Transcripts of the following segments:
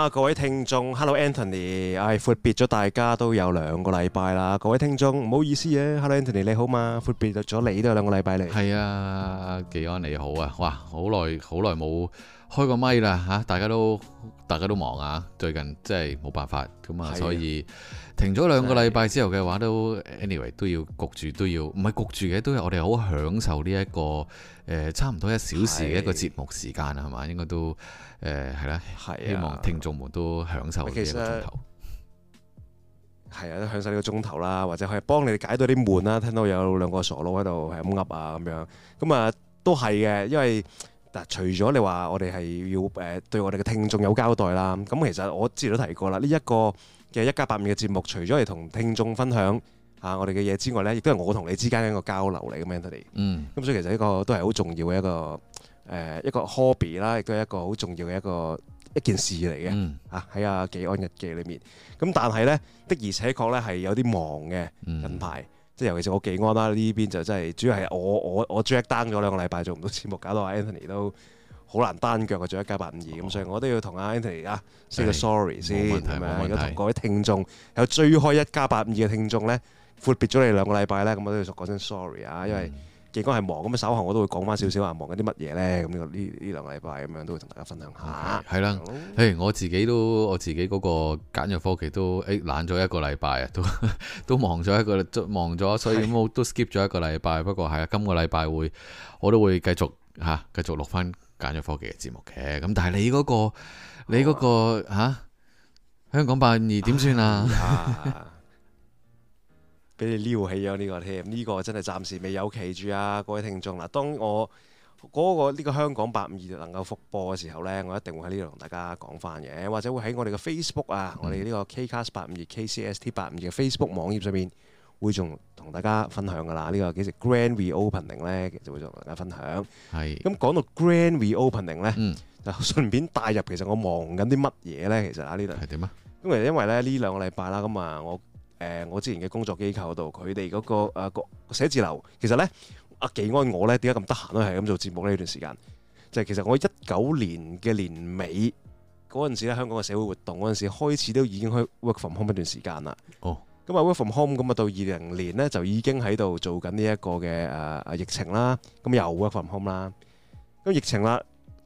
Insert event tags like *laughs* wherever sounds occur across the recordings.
啊！各位聽眾，Hello Anthony，唉、哎，闊別咗大家都有兩個禮拜啦。各位聽眾，唔好意思嘅、啊、Hello Anthony，你好嘛？闊別咗你都有兩個禮拜嚟。係啊，紀安你好啊！哇，好耐好耐冇。開個咪啦吓，大家都大家都忙啊，最近真係冇辦法咁啊，的所以停咗兩個禮拜之後嘅話都，都的 anyway 都要焗住，都要唔係焗住嘅，都係我哋好享受呢、這、一個誒、呃，差唔多一小時嘅一個節目時間啊，係嘛的，應該都誒係啦，係、呃、的希望聽眾們都享受呢一個鐘頭。係啊， *laughs* 都享受呢個鐘頭啦，或者可以幫你哋解到啲悶啦。聽到有兩個傻佬喺度係咁噏啊，咁樣咁啊，都係嘅，因為，因為嗱，除咗你話我哋係要誒對我哋嘅聽眾有交代啦，咁其實我之前都提過啦，呢、這個、一個嘅一家852嘅節目，除咗係同聽眾分享下我哋嘅嘢之外呢亦都係我同你之間嘅一個交流嚟嘅 Mandy 咁所以其實呢個都係好重要嘅一個誒、呃、一個 hobby 啦，亦都係一個好重要嘅一個一件事嚟嘅。嗯。喺阿紀安日記裏面，咁但係呢的而且確呢係有啲忙嘅近排。嗯即係尤其是我技安啦，呢邊就真係主要係我我我 jack down 咗兩個禮拜做唔到節目，搞到 Anthony 都好難單腳嘅做一家852咁，52, 哦、所以我都要同阿 Anthony 啊 say 的個 sorry 先，係咪？而家同各位聽眾有追開一家852嘅聽眾咧，闊別咗你兩個禮拜咧，咁我都要講聲 sorry 啊，嗯、因為。嘅果係忙咁樣，稍後我都會講翻少少啊，忙緊啲乜嘢咧？咁呢呢呢兩個禮拜咁樣都會同大家分享下。係啦 Okay,、嗯，誒我自己都我自己嗰個簡約科技都誒懶咗一個禮拜啊，都都忙咗一個，忙咗，所以都 skip 咗一個禮拜。是不過係啊，今個禮拜會我都會繼續嚇繼、啊、續錄翻簡約科技嘅節目嘅。咁但係你嗰、那個你嗰、那個、啊啊、香港版二點算啊？啊俾你撩起咗呢個添，呢個真係暫時未有企住啊！各位聽眾嗱，當我嗰個呢個香港八五二能夠復播嘅時候咧，我一定會喺呢度同大家講翻嘅，或者會喺我哋嘅 Facebook 啊，我哋呢個 Kcast 八五二 KCST 八五二嘅 Facebook 網頁上面會仲同大家分享噶啦。呢個幾時 Grand Reopening 咧就會同大家分享。係。咁講到 Grand Reopening 咧，就順便帶入其實我忙緊啲乜嘢咧？其實啊呢度係點啊？咁啊因為咧呢兩個禮拜啦，咁啊我。誒，我之前嘅工作機構度，佢哋嗰個誒、啊、寫字樓，其實咧阿紀安我咧點解咁得閒咧？係咁做節目呢段時間就係、是、其實我一九年嘅年尾嗰陣時咧，香港嘅社會活動嗰陣時開始都已經去 work from home 一段時間啦。哦，咁啊、嗯、work from home 咁啊到二零年呢，就已經喺度做緊呢一個嘅誒疫情啦，咁又 work from home 啦、嗯，咁疫情啦。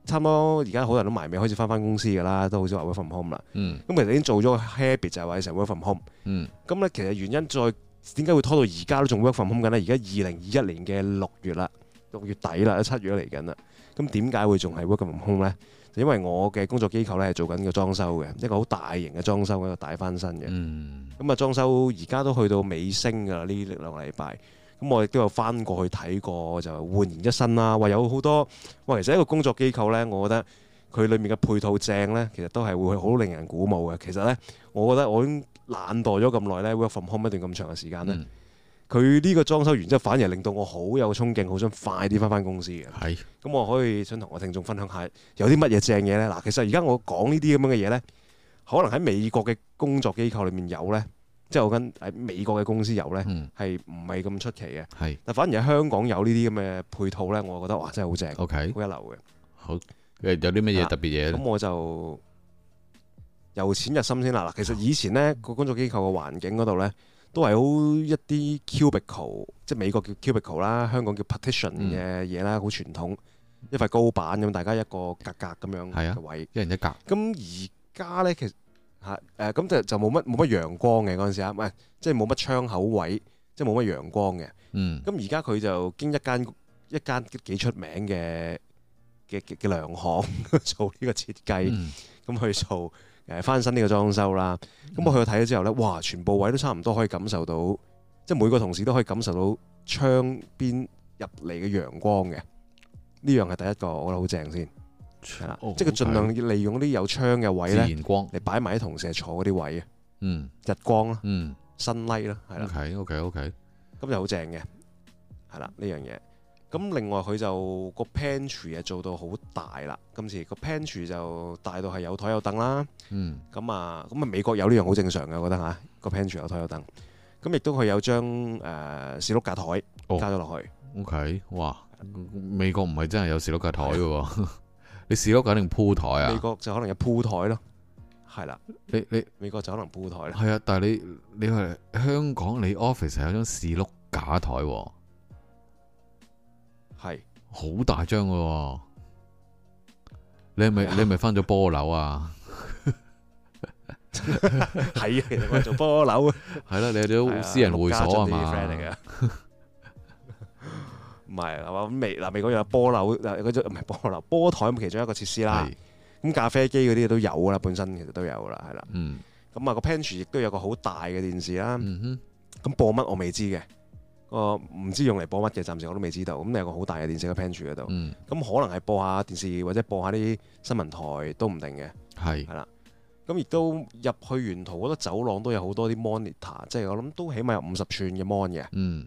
差唔多而家好多人都埋尾開始翻翻公司噶啦，都好少 work from home 啦。咁、嗯、其實已經做咗個 habit 就係話你成日 work from home。咁咧、嗯、其實原因再點解會拖到而家都仲 work from home 緊呢？而家二零二一年嘅六月啦，六月底啦，七月都嚟緊啦。咁點解會仲係 work from home 呢？就因為我嘅工作機構呢，係做緊個裝修嘅，一個好大型嘅裝修一個大翻新嘅。咁啊、嗯嗯、裝修而家都去到尾聲㗎啦，呢兩禮拜。咁我亦都有翻過去睇過，就煥然一新啦。哇，有好多哇，其實一個工作機構呢，我覺得佢裏面嘅配套正呢，其實都係會好令人鼓舞嘅。其實呢，我覺得我已經懶惰咗咁耐呢，work from home 一段咁長嘅時間咧，佢呢個裝修完之後，反而令到我好有衝勁，好想快啲翻翻公司嘅。咁是、嗯、我可以想同我聽眾分享下，有啲乜嘢正嘢呢？嗱，其實而家我講呢啲咁樣嘅嘢呢，可能喺美國嘅工作機構裏面有呢。即係我跟喺美國嘅公司有咧，係唔係咁出奇嘅？係是，但反而喺香港有呢啲咁嘅配套咧，我覺得哇，真係好正，好 Okay, 一流嘅。好，有啲乜嘢特別嘢？咁、啊、我就由淺入深先啦。其實以前咧個工作機構嘅環境嗰度咧，都係好一啲 cubicle，即係美國叫 cubicle 啦，香港叫 partition 嘅嘢啦，好、嗯、傳統，一塊高板咁，大家一個格格咁樣位，係啊，位一人一格。咁而家咧，其實嚇誒，咁就就冇乜冇乜陽光嘅嗰陣時啊，唔係即係冇乜窗口位，即係冇乜陽光嘅。嗯，咁而家佢就經一間一間幾出名嘅嘅嘅良行 *laughs* 做呢個設計，咁、嗯、去做誒、啊、翻新呢個裝修啦。咁我去到睇咗之後咧，哇！全部位都差唔多可以感受到，即係每個同事都可以感受到窗邊入嚟嘅陽光嘅。呢樣係第一個，我覺得好正先。係啦，oh, okay. 即係佢盡量要利用啲有窗嘅位咧，嚟，擺埋啲同事坐嗰啲位嘅。嗯，日光啦、啊，嗯，sunlight 啦，係啦。O K，O K，O K，咁就好正嘅係啦。呢樣嘢咁，另外佢就個 pantry 啊，做到好大啦。今次個 pantry 就大到係有台有凳啦。咁、嗯、啊，咁啊，美國有呢樣好正常嘅，我覺得吓個 pantry 有台有凳。咁亦都佢有張誒，士碌架台加咗落去。O、okay, K，哇，美國唔係真係有士碌架台嘅。 *laughs* *laughs* 你士碌架定鋪台啊？美國就可能有鋪台咯，係啦。你你美國就可能鋪台。係啊，但係你你去香港，你 office 有一張士碌架台，係好的大張噶、啊。你係咪的你係咪翻咗波樓啊？係， *laughs* *laughs* 我做波樓。係 *laughs* 啦，你都私人會所啊嘛。 *laughs* 唔係，係咁美嗱，美國有波樓嗱嗰種，唔係波樓，波台咁其中一個設施啦。咁是咖啡機嗰啲都有啦，本身其實都有噶啦，係啦。咁啊、嗯、個 Pantry 亦都有個好大嘅電視啦。咁、嗯、哼播乜我未知嘅，個唔知用嚟播乜嘅，暫時我都未知道。咁你有個好大嘅電視喺 Pantry 度，咁、嗯、可能係播下電視或者播下啲新聞台都唔定嘅。係係啦。咁亦都入去沿途嗰啲走廊都有好多啲 monitor，即係我諗都起碼有五十寸嘅 mon 嘅。嗯。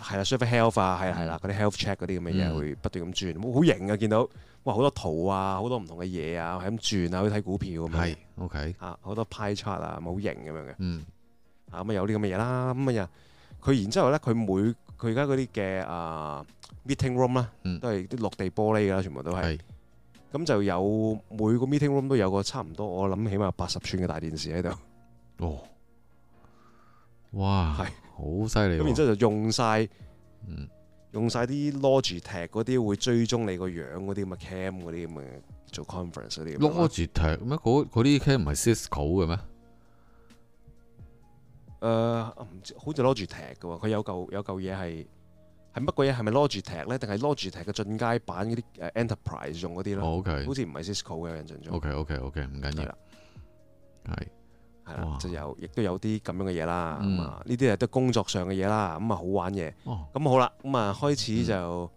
係啊，surface health 啊，係啊係啦，嗰啲 health check 嗰啲咁嘅嘢會不斷咁轉，好型啊！見到哇，好多圖啊，好多唔同嘅嘢啊，係咁轉 okay，啊，去睇股票咁樣啊，係 OK 啊，好多 pie chart 啊，好型咁樣嘅。嗯、啊咁啊有啲咁嘅嘢啦，咁啊又佢然之後咧，佢每佢而家嗰啲嘅啊 meeting room 啦、啊，都係啲落地玻璃噶啦、啊，全部都係。咁是就有每個 meeting room 都有個差唔多，我諗起碼八十寸嘅大電視喺度。哦。哇。係的。 *laughs* 好犀利，咁、啊、然之後就用晒，用晒啲 Logitech 嗰啲會追蹤你個樣嗰啲咁嘅 cam 嗰啲咁嘅做 conference 嗰啲。Logitech 咩？嗰嗰啲 cam 唔係 Cisco 嘅咩？誒，唔知好似 Logitech 嘅，佢有嚿有嚿嘢係係乜鬼嘢？係咪 Logitech 咧？定係 Logitech 嘅進階版嗰啲 enterprise 用嗰啲咯？OK，好似唔係 Cisco 嘅，印象中。OK，OK，OK，唔緊要，係了。係啦，哇就又亦都有啲咁樣嘅嘢啦。咁、嗯、啊，呢啲係都工作上嘅嘢啦。咁、嗯、啊，好玩嘢。咁、哦、好啦，咁、嗯、啊，開始就誒、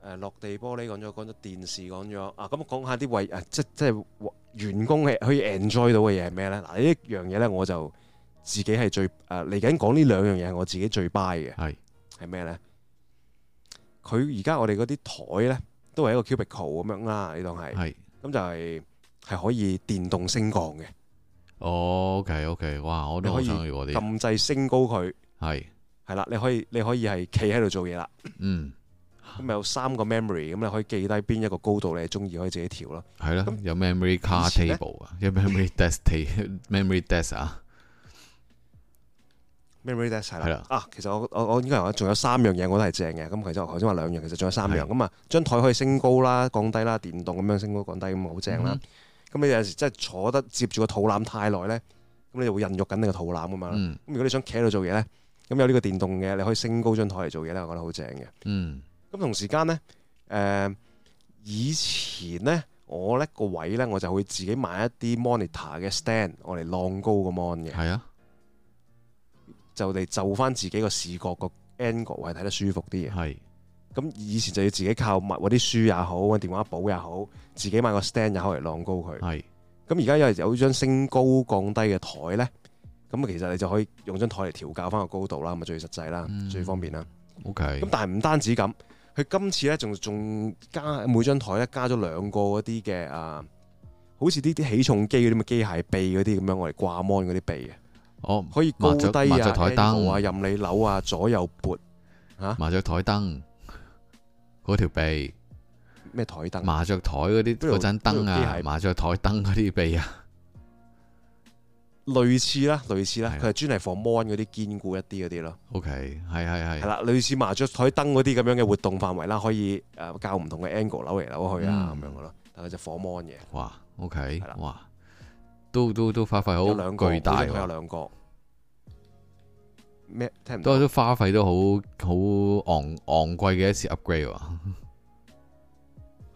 呃、落地玻璃講咗，講咗電視講咗。啊，咁、嗯、講下啲為誒，即即係、呃、員工係可以 enjoy 到嘅嘢係咩咧？嗱、啊，呢一樣嘢咧，我就自己係最誒嚟緊講呢兩樣嘢係我自己最 buy 嘅。係係咩咧？佢而家我哋嗰啲台咧，都係一個 cubicle 咁樣啦。呢當係，係咁就係、是、係可以電動升降嘅。哦，OK，OK，哇，我都好想要嗰啲，撳掣升高佢，係係啦，你可以你可以係企喺度做嘢啦，嗯，咁咪有三個 memory，咁你可以記低邊一個高度你係中意，可以自己調咯，係咯，有 memory car table 啊，有 memory desk table，memory desk 啊，memory desk 啦，啊，其實我我我應該仲有三樣嘢我都係正嘅，咁其實頭先話兩樣，其實仲有三樣，咁啊，張台可以升高啦、降低啦，電動咁樣升高、降低咁啊，好正啦。咁你有時真係坐得接住個肚腩太耐咧，咁你就會孕育緊你個肚腩噶嘛。咁、嗯、如果你想企喺度做嘢咧，咁有呢個電動嘅，你可以升高張台嚟做嘢咧，我覺得好正嘅。咁、嗯、同時間咧，誒、呃、以前咧，我咧個位咧，我就會自己買一啲 monitor 嘅 stand，我嚟晾高個 mon 嘅。係啊，就嚟就翻自己個視覺個 angle 位睇得舒服啲嘅。係。咁以前就要自己靠買，揾啲書也好，揾電話簿也好，自己買個 stand 也好嚟晾高佢。係是。咁而家因為有張升高降低嘅台咧，咁啊其實你就可以用張台嚟調校翻個高度啦，咁啊最實際啦，嗯、最方便啦。O okay K。咁但係唔單止咁，佢今次咧仲仲加每張台咧加咗兩個嗰啲嘅啊，好似啲啲起重機嗰啲咁嘅機械臂嗰啲咁樣，我哋掛 mon 嗰啲臂嘅。哦。可以高著低啊，任你扭啊，左右撥啊，麻雀台燈。嗰條臂咩台燈？麻雀台嗰啲嗰盞燈啊，麻雀台燈嗰啲臂啊，類似啦，類似啦，佢係專係防 mon 嗰啲堅固一啲嗰啲咯。OK，係係係，係啦，類似麻雀台燈嗰啲咁樣嘅活動範圍啦，可以誒較唔同嘅 angle 扭嚟扭去啊咁樣嘅咯。但係就防 mon 嘅。哇，OK，係啦，哇，都都都發揮好巨大。有兩個。咩？都係都花費都好好昂昂貴嘅一次 upgrade 喎。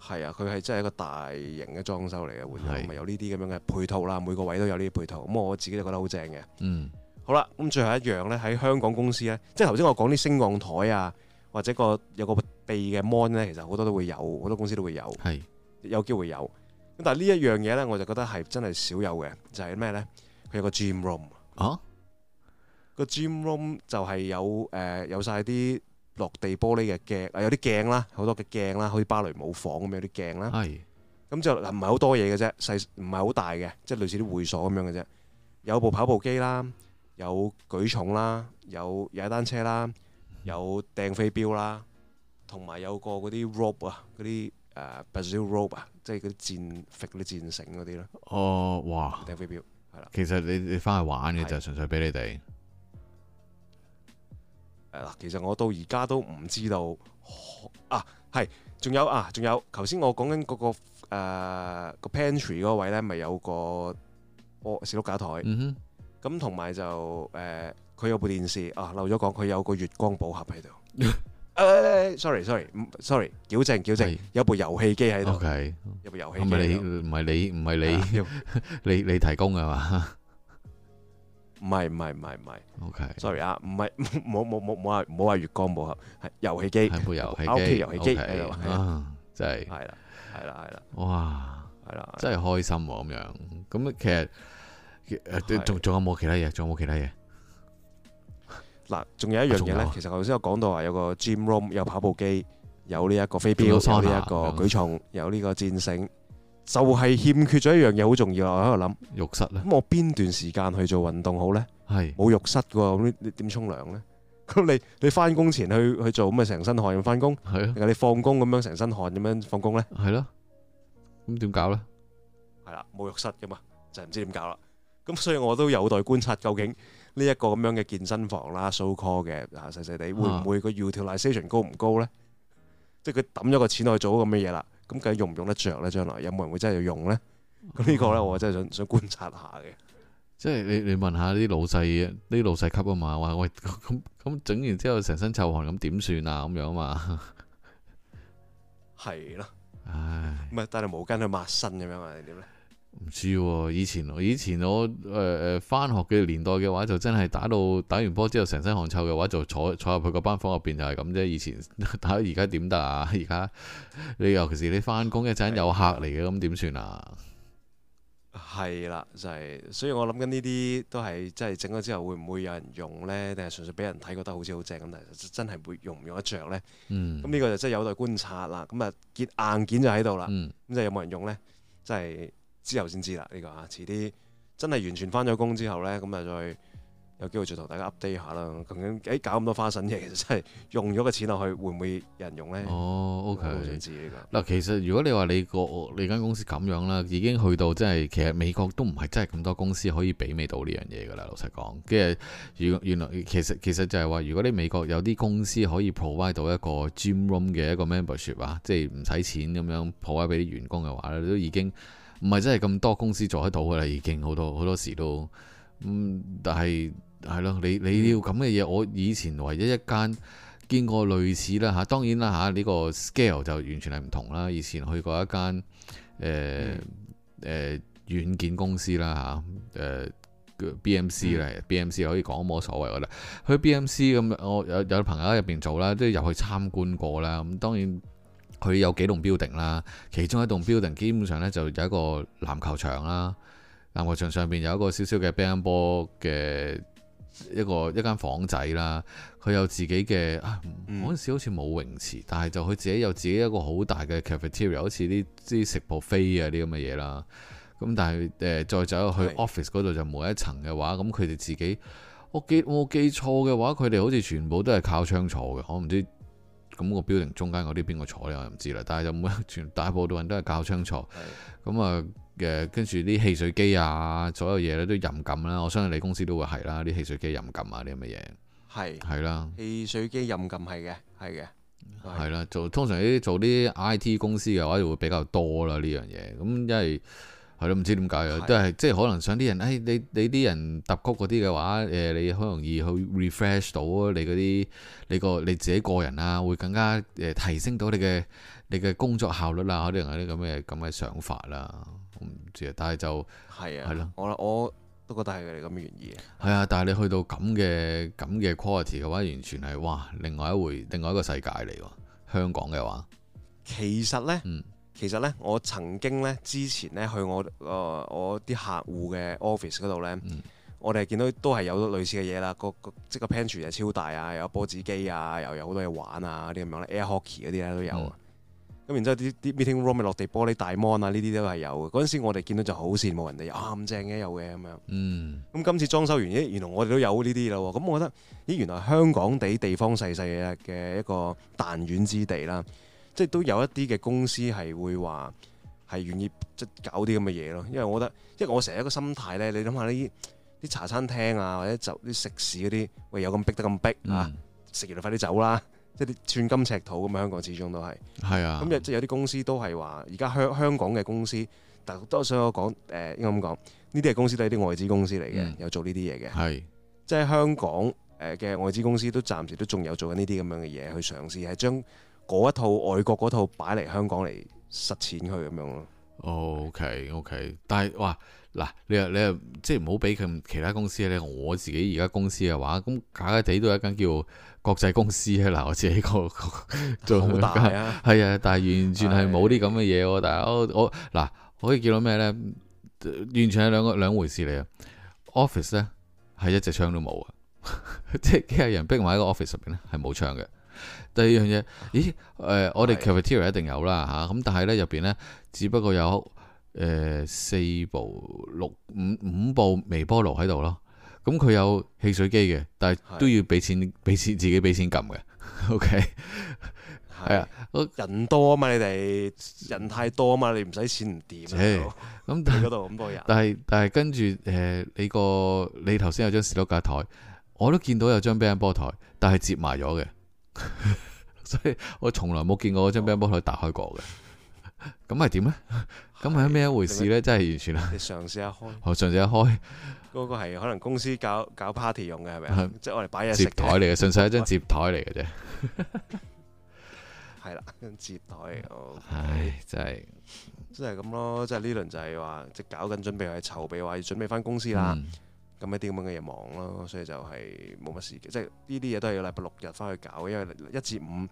係啊，佢係、啊、真係一個大型嘅裝修嚟嘅，換台咪有呢啲咁樣嘅配套啦，每個位都有呢啲配套。咁我自己就覺得正、嗯、好正嘅。嗯，好啦，咁最後一樣咧，喺香港公司咧，即係頭先我講啲升降台啊，或者個有個臂嘅 mon 咧，其實好多都會有，好多公司都會有，係是有機會有。咁但係呢一樣嘢咧，我就覺得係真係少有嘅，就係咩咧？佢有個 gym room 啊。個 gym room 就係有誒、呃、有曬啲落地玻璃嘅鏡，呃、有啲鏡啦，好多嘅鏡啦，好似芭蕾舞房咁樣啲鏡啦。係、哎。咁就唔係好多嘢嘅啫，細唔係好大嘅，即係類似啲會所咁樣嘅啫。有部跑步機啦，有舉重啦，有踩單車啦，有掟飛鏢啦，同埋有個嗰啲 rope 啊，嗰啲誒 Brazil rope 啊，即係嗰啲戰織啲戰繩嗰啲咯。哦、呃，哇！掟飛鏢係啦，其實你你翻去玩嘅就係純粹俾你哋。其實我到而家都唔知道啊，係仲有啊，仲有頭先我講緊嗰個誒、呃、pantry 嗰位咧，咪有個個、哦、小碌架台，咁同埋就誒佢、呃、有部電視啊，漏咗講佢有個月光寶盒喺度。sorry sorry，唔，sorry，sorry，sorry，矯正矯正，有部遊戲機喺度。OK，有部遊戲機。唔係你，唔係你，唔係你，你你提供㗎嘛？ *laughs* *laughs* 唔係唔係唔係唔係，OK，sorry 啊，唔係冇冇冇冇話唔好話月光冇合，係遊戲機，係部遊戲機，O K 遊戲機喺度，啊，真係，係啦，係啦，係啦，哇，係啦，真係開心喎咁樣，咁其實仲仲有冇其他嘢？仲有冇其他嘢？嗱，仲有一樣嘢咧，其實頭先我講到話有個 gym room，有跑步機，有呢一個飛鏢，有呢一個舉重，有呢個戰繩。就係欠缺咗一樣嘢，好重要啊！我喺度諗，浴室咧？咁我邊段時間去做運動好咧？係冇是浴室噶，咁你點沖涼咧？咁 *laughs* 你你翻工前去去做，咁啊成身汗，翻工係啊，你放工咁樣成身汗，咁樣放工咧？係咯，咁點搞咧？係啦，冇浴室噶嘛，就唔知點搞啦。咁所以我都有待觀察，究竟呢一個咁樣嘅健身房啦，so call 嘅啊，細細地會唔會個 utilization 高唔高咧？即係佢抌咗個錢去做咁嘅嘢啦。咁究竟用唔用得着咧？將來有冇人會真係要用咧？咁呢、啊、個咧，我真係想想觀察下嘅、啊。即係你你問下啲老細嘅，啲老細級啊嘛，話喂，咁咁整完之後成身臭汗，咁點算啊？咁樣啊嘛，係咯，唉，唔係帶條毛巾去抹身咁樣啊？定點咧？唔知喎，以前以前我誒誒翻學嘅年代嘅話，就真係打到打完波之後，成身汗臭嘅話，就坐坐入去個班房入邊就係咁啫。以前打到而家點得啊？而家你尤其是你翻工一陣有客嚟嘅，咁點算啊？係啦，就係、是，所以我諗緊呢啲都係真係整咗之後，會唔會有人用呢？定係純粹俾人睇，覺得好似好正咁，但係真係會用唔用得着呢？嗯，咁呢個就真係有待觀察啦。咁啊，結硬件就喺度啦，咁、嗯、就有冇人用呢？即、就、係、是。之後先知啦，呢、這個嚇、啊，遲啲真係完全返咗工之後呢，咁啊再有機會再同大家 update 下啦。究竟誒搞咁多花神嘢，其實真係用咗個錢落去，會唔會有人用呢？哦、oh,，OK。我想知呢、這個。嗱，其實如果你話你個你間公司咁樣啦，已經去到即係、就是、其實美國都唔係真係咁多公司可以媲美到呢樣嘢噶啦，老實講。跟住原原來其實其實就係話，如果你美國有啲公司可以 provide 到一個 gym room 嘅一個 membership 啊，即係唔使錢咁樣 provide 俾啲員工嘅話咧，都已經。唔係真係咁多公司做得到嘅啦，已經好多好多時都咁、嗯，但係係咯，你你要咁嘅嘢，我以前唯一一間見過類似啦嚇、啊，當然啦嚇呢個 scale 就完全係唔同啦。以前去過一間誒誒軟件公司啦嚇，誒、啊呃、BMC 咧、嗯、BMC 可以講冇所謂，我覺得去 BMC 咁、嗯，我有有朋友喺入邊做啦，都入去參觀過啦，咁、嗯、當然。佢有幾棟 building 啦，其中一棟 building 基本上呢，就有一個籃球場啦，籃球場上邊有一個少少嘅 band 乒乓波嘅一個一間房仔啦。佢有自己嘅，嗰、哎、陣時好似冇泳池，但係就佢自己有自己一個好大嘅 cafeteria 好似啲啲食 buffet 啊啲咁嘅嘢啦。咁但係誒、呃、再走去，去 office 嗰度就每一層嘅話，咁佢哋自己我記我記錯嘅話，佢哋好似全部都係靠窗坐嘅，我唔知。咁個標定中間嗰啲邊個坐呢？我就唔知啦。但係就冇一全大部分都係靠窗坐。咁啊的，誒跟住啲汽水機啊，所有嘢咧都任撳啦。我相信你公司都會係啦，啲汽水機任撳啊啲咁嘅嘢。係係的啦，汽水機任撳係嘅，係嘅。係啦，做通常啲做啲 IT 公司嘅話，就會比較多啦呢樣嘢。咁因為係咯，唔知點解啊，的都係即係可能想啲人，誒、哎、你你啲人揼曲嗰啲嘅話，誒你好容易去 refresh 到啊，你嗰啲你個你自己個人啊，會更加誒提升到你嘅你嘅工作效率啊，可能有啲咁嘅咁嘅想法啦、啊，我唔知啊，但係就係啊，係咯的，的我我都覺得係佢哋咁嘅願意啊，係啊，但係你去到咁嘅咁嘅 quality 嘅話，完全係哇另外一回另外一個世界嚟喎，香港嘅話其實呢。嗯其實呢，我曾經呢，之前呢，去我誒我啲客戶嘅 office 嗰度呢，我哋見、嗯、到都係有類似嘅嘢啦。個即個 pantry 就超大啊，有，有波子機啊，又有好多嘢玩啊，啲咁樣咧，air hockey 嗰啲咧都有。咁、嗯、然之後啲啲 meeting room 落地玻璃大 mon 啊，呢啲都係有嘅。嗰陣時我哋見到就好羨慕人哋，啊咁正嘅有嘅咁樣。咁、嗯、今次裝修完，原來我哋都有呢啲啦喎。咁我覺得，咦原來香港地地方細細嘅一個彈丸之地啦。即係都有一啲嘅公司係會話係願意即搞啲咁嘅嘢咯。因為我覺得，因為我成日一個心態咧，你諗下呢啲茶餐廳啊，或者就啲食肆嗰啲，喂有咁逼得咁逼嚇，食、嗯、完就快啲走啦，即係啲寸金尺土咁啊！香港始終都係係啊。咁、嗯、即係有啲公司都係話，而家香香港嘅公司，但係都我想我講誒、呃，應該咁講，呢啲係公司都係啲外資公司嚟嘅，嗯、有做呢啲嘢嘅係即係香港誒嘅外資公司都暫時都仲有做緊呢啲咁樣嘅嘢去嘗試係將。嗰一套外國嗰套擺嚟香港嚟實踐佢咁樣咯。OK，OK，但係哇嗱，你啊你又，即係唔好俾佢其他公司咧。我自己而家公司嘅話，咁簡簡單地都有一間叫國際公司啊嗱，我自己個好大啊，係啊，但係完全係冇啲咁嘅嘢喎。的但係我我嗱可以見到咩咧？完全係兩個兩回事嚟啊！Office 咧係一隻窗都冇啊，即係幾廿人逼埋喺個 office 入邊咧係冇窗嘅。第二樣嘢，咦？誒、呃，我哋 cafe area 一定有啦吓咁，的但係咧入邊咧只不過有誒四、呃、部六五五部微波爐喺度咯。咁佢有汽水機嘅，但係都要俾錢俾錢的自己俾錢撳嘅。O K 係啊，的我人多啊嘛，你哋人太多啊嘛，你唔使錢唔掂，啊。咁佢嗰度咁多人，但係但係跟住誒、呃，你個你頭先有張士多架台，我都見到有張乒乓波台，但係接埋咗嘅。 *laughs* 所以我從來冇見過張乒乓檯可以打開過嘅，咁係點呢？咁係咩一回事呢？真係完全啊！嘗試一下開，嘗試一開，嗰個係可能公司搞搞 party 用嘅係咪啊？即係我哋擺嘢食台嚟嘅，純粹係一張折台嚟嘅啫，係啦，張折台。唉，真係真係咁咯，即係呢輪就係話即係搞緊，準備或者籌備，話要準備翻公司啦。嗯咁一啲咁嘅嘢忙咯，所以就係冇乜事嘅。即係呢啲嘢都係要禮拜六日翻去搞，因為一至五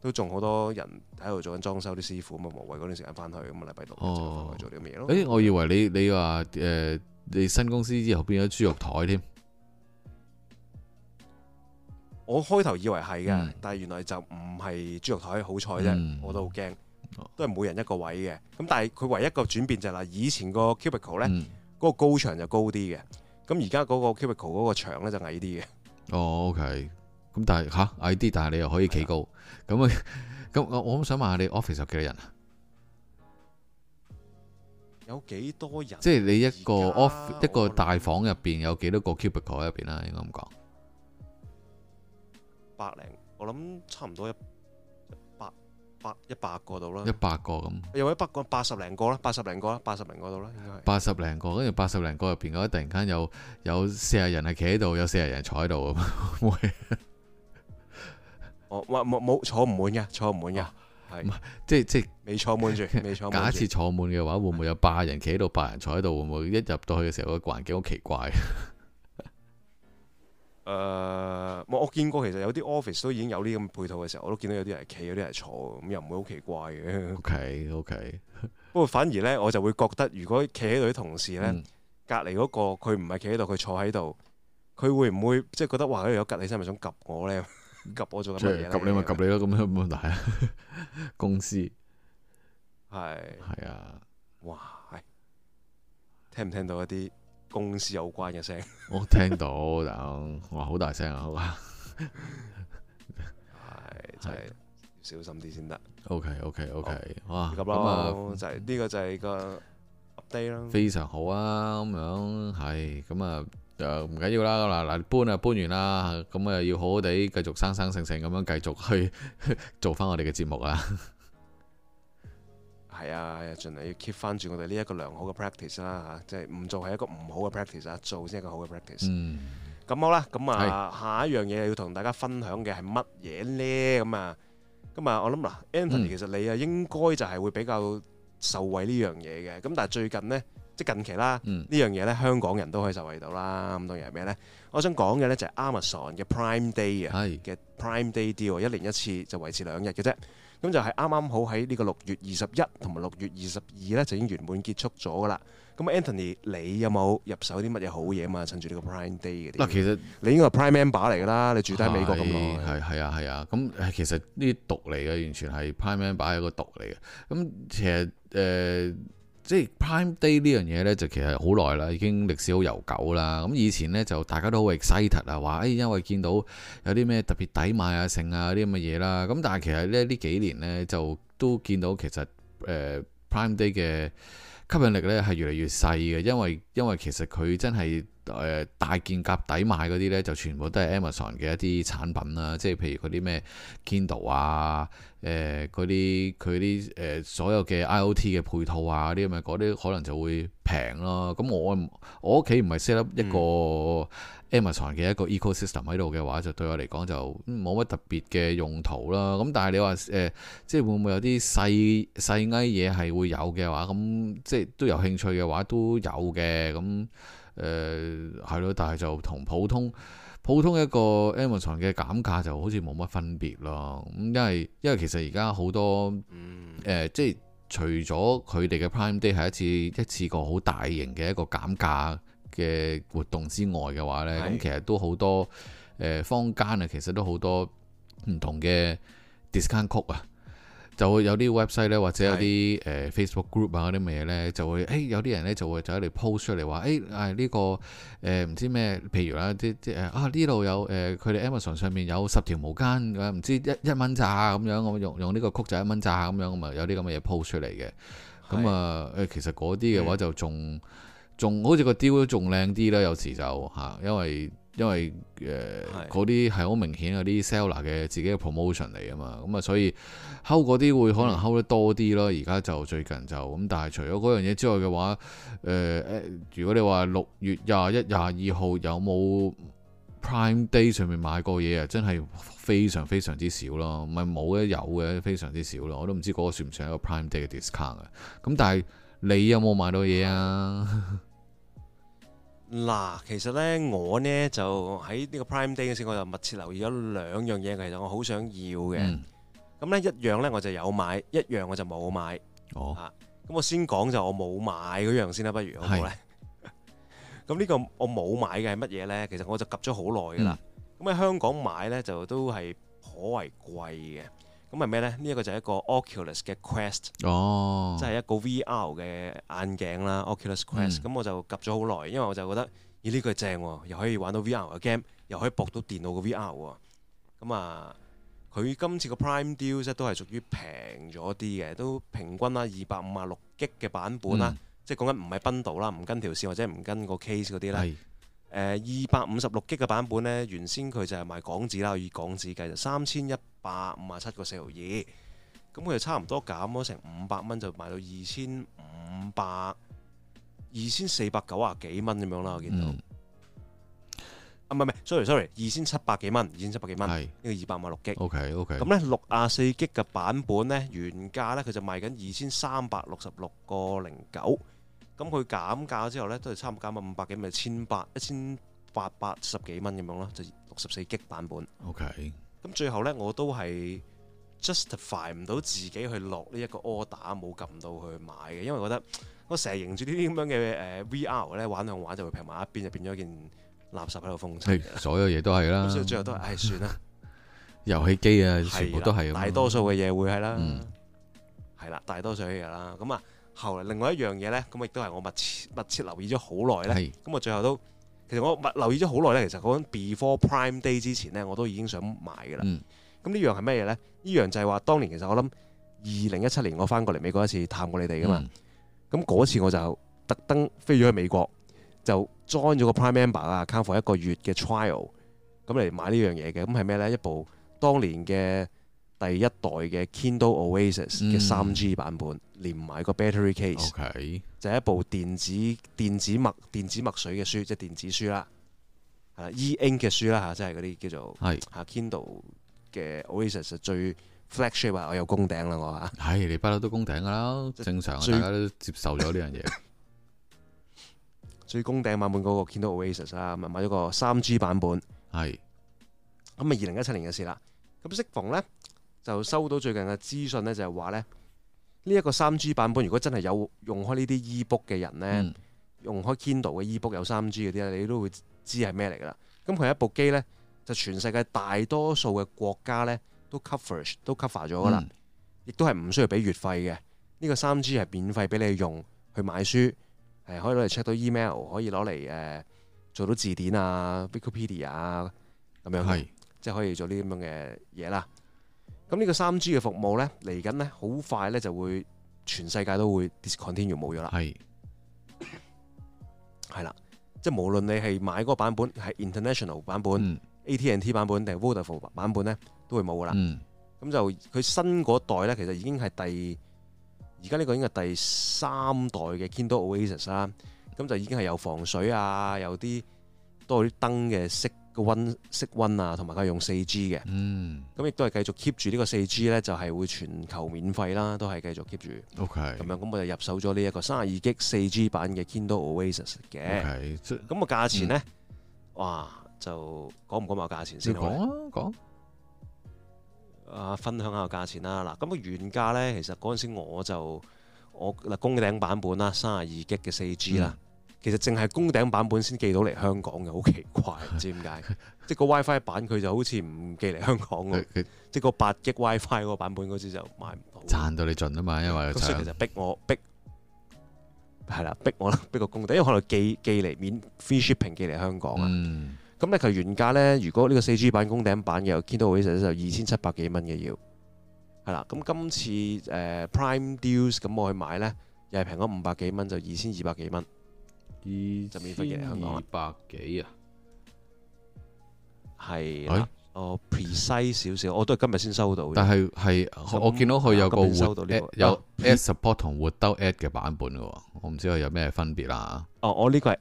都仲好多人喺度做緊裝修啲師傅咁啊，無謂嗰段時間翻去咁啊，禮拜六日就做啲咩咯？誒，我以為你你話誒、呃，你新公司之後變咗豬肉台添，我開頭以為係噶，但係原來就唔係豬肉台，嗯、肉台好彩啫，嗯、我都好驚，都係每人一個位嘅。咁但係佢唯一一個轉變就係、是、啦，以前個 cubicle 咧、嗯，嗰個高牆就高啲嘅。咁而家嗰個 cubicle 嗰個牆咧就矮啲嘅。哦，OK。咁但係吓，矮啲，但係你又可以企高。咁啊的，咁 *laughs* 我我想問下你 office 有幾多，人，有幾多人啊？有幾多人？即係你一個 office, 在一個大房入邊有幾多個 cubicle 喺入邊啦？應該咁講。百零，我諗差唔多一。一百個度啦，一百個咁，有一百個八十零個啦？八十零個啦，八十零個度啦，應該八十零個，跟住八十零個入邊嗰，突然間有有四十人係企喺度，有四十人，人坐喺度，會唔我冇冇坐唔滿嘅，坐唔滿嘅，係、啊、是即係即係未坐滿住。未坐滿假設坐滿嘅話，會唔會有八十人企喺度，八十 *laughs* 人坐喺度？會唔會一入到去嘅時候、個環境好奇怪？誒、呃，我見過其實有啲 office 都已經有呢咁配套嘅時候，我都見到有啲人企，有啲人坐，咁又唔會好奇怪嘅。O K，O K，不過反而咧，我就會覺得如果企喺度啲同事咧，嗯、隔籬嗰個佢唔係企喺度，佢坐喺度，佢會唔會即係、就是、覺得哇，有隔起身係咪想及我咧？及 *laughs* 我做緊乜嘢及你咪及你咯，咁冇問題啊。公司係係是啊，哇，聽唔聽到一啲？公司有關嘅聲、哦，我聽到，但係好大聲啊，係 *laughs* 就係、是、小心啲先得。OK，OK，OK，哇，咁啊，嗯、就係、是、呢、呢個就係個 update 啦，非常好啊，咁樣係，咁啊就唔緊要啦。嗱嗱，搬啊，搬完啦，咁啊要好好地繼續生生性性咁樣繼續去做翻我哋嘅節目啦。係啊，盡量要 keep 翻住我哋呢一個良好嘅 practice 啦嚇，即係唔做係一個唔好嘅 practice，做先一個好嘅 practice。嗯，咁好啦，咁啊下一樣嘢要同大家分享嘅係乜嘢咧？咁啊，咁啊，我諗嗱，Anthony 其實你啊應該就係會比較受惠呢樣嘢嘅。咁但係最近咧，即係近期啦，呢樣嘢咧香港人都可以受惠到啦。咁當然係咩咧？我想講嘅咧就係 Amazon 嘅 Prime Day 啊，係嘅 Prime Daydeal，一年一次就維持兩日嘅啫。咁就係啱啱好喺呢個六月二十一同埋六月二十二咧，就已經圓滿結束咗噶啦。咁 Anthony，你有冇入手啲乜嘢好嘢嘛？趁住呢個 Prime Day 嗰啲？嗱、嗯，其實你應該係 Prime Member 嚟噶啦，你住低喺美國咁耐。係係啊係啊，咁誒其實呢啲獨嚟嘅，完全係 Prime Member 係一個獨嚟嘅。咁、嗯、其實誒。呃即係 Prime Day 呢樣嘢呢，就其實好耐啦，已經歷史好悠久啦。咁以前呢，就大家都好 excited 啊，話、哎、誒，因為見到有啲咩特別抵買啊、盛啊啲咁嘅嘢啦。咁但係其實呢呢幾年呢，就都見到其實誒、呃、Prime Day 嘅吸引力呢係越嚟越細嘅，因為因為其實佢真係。誒、呃、大件夾底買嗰啲呢，就全部都係 Amazon 嘅一啲產品啦，即係譬如嗰啲咩 Kindle 啊，誒嗰啲佢啲誒所有嘅 IOT 嘅配套啊嗰啲咪嗰啲可能就會平咯。咁我我屋企唔係 set up 一個 Amazon 嘅一個 ecosystem 喺度嘅話，就對我嚟講就冇乜特別嘅用途啦。咁但係你話誒、呃，即係會唔會有啲細細蟻嘢係會有嘅話，咁即係都有興趣嘅話都有嘅咁。誒係咯，但係就同普通普通一個 Amazon 嘅減價就好似冇乜分別咯。咁因為因為其實而家好多誒、呃，即係除咗佢哋嘅 Prime Day 係一次一次過好大型嘅一個減價嘅活動之外嘅話呢，咁是其實都好多誒、呃、坊間啊，其實都好多唔同嘅 discount code 啊。就會有啲 website 咧，或者有啲誒 Facebook group 啊嗰啲乜嘢咧，的就會誒、哎、有啲人咧就會就喺度 post 出嚟話誒誒呢個誒唔、呃、知咩，譬如啦啲啲誒啊呢度有誒佢、呃、哋 Amazon 上面有十條毛巾唔知一一蚊咋咁樣，我用用呢個曲就一蚊咋咁樣，咁啊有啲咁嘅嘢 post 出嚟嘅，咁啊誒其實嗰啲嘅話就仲仲的好似個 deal 仲靚啲啦，有時就嚇，因為。因為誒嗰啲係好明顯嗰啲 seller 嘅自己嘅 promotion 嚟啊嘛，咁、嗯、啊所以睺嗰啲會可能睺得多啲咯。而家就最近就咁，但係除咗嗰樣嘢之外嘅話，誒、呃、誒，如果你話六月廿一、廿二號有冇 Prime Day 上面買過嘢啊，真係非常非常之少咯，唔係冇嘅，有嘅，非常之少咯。我都唔知嗰個算唔算一個 Prime Day 嘅 discount 嘅。咁但係你有冇買到嘢啊？ *laughs* 嗱，其實咧我呢就喺呢個 Prime Day 嗰時，我就密切留意咗兩樣嘢。其實我好想要嘅，咁呢一樣呢，我就有買，一樣我就冇買。哦，嚇、啊，咁我先講就我冇買嗰樣先啦、啊，不如好唔好咧？咁呢是 *laughs* 個我冇買嘅係乜嘢呢？其實我就 𥄫 咗好耐㗎啦。咁喺的香港買呢，就都係頗為貴嘅。咁係咩呢？呢、這個、一個就係一個 Oculus 嘅 Quest，、哦、即係一個 VR 嘅眼鏡啦。Oculus Quest 咁、嗯、我就 𥨊 咗好耐，因為我就覺得咦呢、這個正，又可以玩到 VR 嘅 game，又可以駁到電腦嘅 VR 喎。咁、嗯、啊，佢今次個 Prime Deals 都係屬於平咗啲嘅，都平均啦二百五十六 G 嘅版本啦，嗯、即係講緊唔係賓道啦，唔跟條線或者唔跟個 case 嗰啲啦。誒二百五十六 G 嘅版本呢，原先佢就係賣港紙啦，以港紙計就三千一百五啊七個四毫二，咁佢就差唔多減咗成五百蚊，就賣到二千五百二千四百九啊幾蚊咁樣啦，我見到。嗯、啊唔係唔係，sorry sorry，二千七百幾蚊，二千七百幾蚊，呢是個二百五十六 G。OK OK。咁呢六啊四 G 嘅版本呢，原價呢，佢就賣緊二千三百六十六個零九。咁佢減價之後咧，都係差唔多減埋五百幾，咪千八一千八百十幾蚊咁樣咯，就六十四 G 版本。OK。咁最後咧，我都係 justify 唔到自己去落呢一個 order，冇撳到去買嘅，因為覺得我成日認住呢啲咁樣嘅誒 VR 咧玩兩玩就會撇埋一邊，就變咗件垃圾喺度風吹。所有嘢都係啦，所以最後都係唉算啦。遊戲機啊，全部都係。大多數嘅嘢會係啦，係啦，大多數嘅嘢啦，咁啊。後嚟另外一樣嘢呢，咁亦都係我密切密切留意咗好耐呢。咁我是最後都其實我密留意咗好耐呢，其實講緊 Before Prime Day 之前呢，我都已經想買嘅啦。咁呢、嗯、樣係咩嘢呢？呢樣就係話，當年其實我諗二零一七年我翻過嚟美國一次探過你哋噶嘛。咁嗰、嗯、次我就特登飛咗去美國，就 join 咗個 Prime Member 啊 account for 一個月嘅 trial，咁嚟買呢樣嘢嘅。咁係咩呢？一部當年嘅。第一代嘅 Kindle Oasis 嘅 3G 版本，嗯、連埋個 battery case，Okay 就一部電子電子墨電子墨水嘅書，即係電子書啦，係啦，e ink 嘅書啦嚇、啊，即係嗰啲叫做嚇 Kindle 嘅 Oasis 最 flagship 啊，我有攻頂啦我嚇、啊，係、哎，你不嬲都攻頂噶啦，就正常最大家都接受咗呢樣嘢。 *laughs* 最攻頂版本嗰個 Kindle Oasis 啦、啊，咪買咗個 3G 版本，係的，咁啊，二零一七年嘅事啦，咁適逢咧。就收到最近嘅資訊呢，就係話咧，呢一個三 G 版本，如果真係有用開呢啲 eBook 嘅人呢，嗯、用開 Kindle 嘅 eBook 有三 G 嗰啲咧，你都會知係咩嚟噶啦。咁佢一部機呢，就全世界大多數嘅國家呢，都 cover 都 cover 咗噶啦，亦都係唔需要俾月費嘅。呢、呢個三 G 係免費俾你用，去買書，係可以攞嚟 check 到 email，可以攞嚟誒做到字典啊，Wikipedia 啊咁樣，是即係可以做啲咁樣嘅嘢啦。咁呢個三 G 嘅服務咧，嚟緊咧好快咧就會全世界都會 discontinue 冇咗啦。係係啦，即係無論你係買個版本係 international 版本，嗯、AT&T 版本定係 Vodafone 版本咧，都會冇噶啦。咁、嗯、就佢新嗰代咧，其實已經係第而家呢個已經係第三代嘅 Kindle Oasis 啦。咁就已經係有防水啊，有啲多啲燈嘅色。個溫色溫啊，同埋佢係用四 G 嘅，嗯，咁亦都係繼續 keep 住呢個四 G 咧，就係會全球免費啦，都係繼續 keep 住，OK，咁樣，咁我就入手咗呢一個三十二 G 四 G 版嘅 Kindle Oasis 嘅，咁 Okay, 個價錢咧，嗯、哇，就講唔講下價錢先？講啊說，講嗎，啊，分享下個價錢啦，嗱，咁個原價咧，其實嗰陣時我就我嗱，攻頂版本啦，三十二 G 嘅四 G 啦。嗯其實淨係供頂版本先寄到嚟香港嘅，好奇怪，唔知點解 *laughs* 即係個 WiFi 版佢就好似唔寄嚟香港嘅， *laughs* 即係個八億 WiFi 嗰個版本嗰時就買唔到，賺到你盡啊嘛，因為搶其實逼我逼係啦，逼我逼個供頂，因為可能寄寄嚟免 free shipping 寄嚟香港啊。咁咧、嗯、其原價咧，如果呢個四 G 版供頂版嘅 Kindle Oasis 就二千七百幾蚊嘅要係啦。咁、嗯、今次誒、呃、Prime Deals 咁我去買咧，又係平咗五百幾蚊，就二千二百幾蚊。二千二百幾啊，係啦、哎，哦，precise 少少，我都係今日先收到，但係係、嗯、我，我見到佢有個 a d、啊這個、有 add support 同 without add 嘅版本嘅，我唔知佢有咩分別啦。哦，我呢個係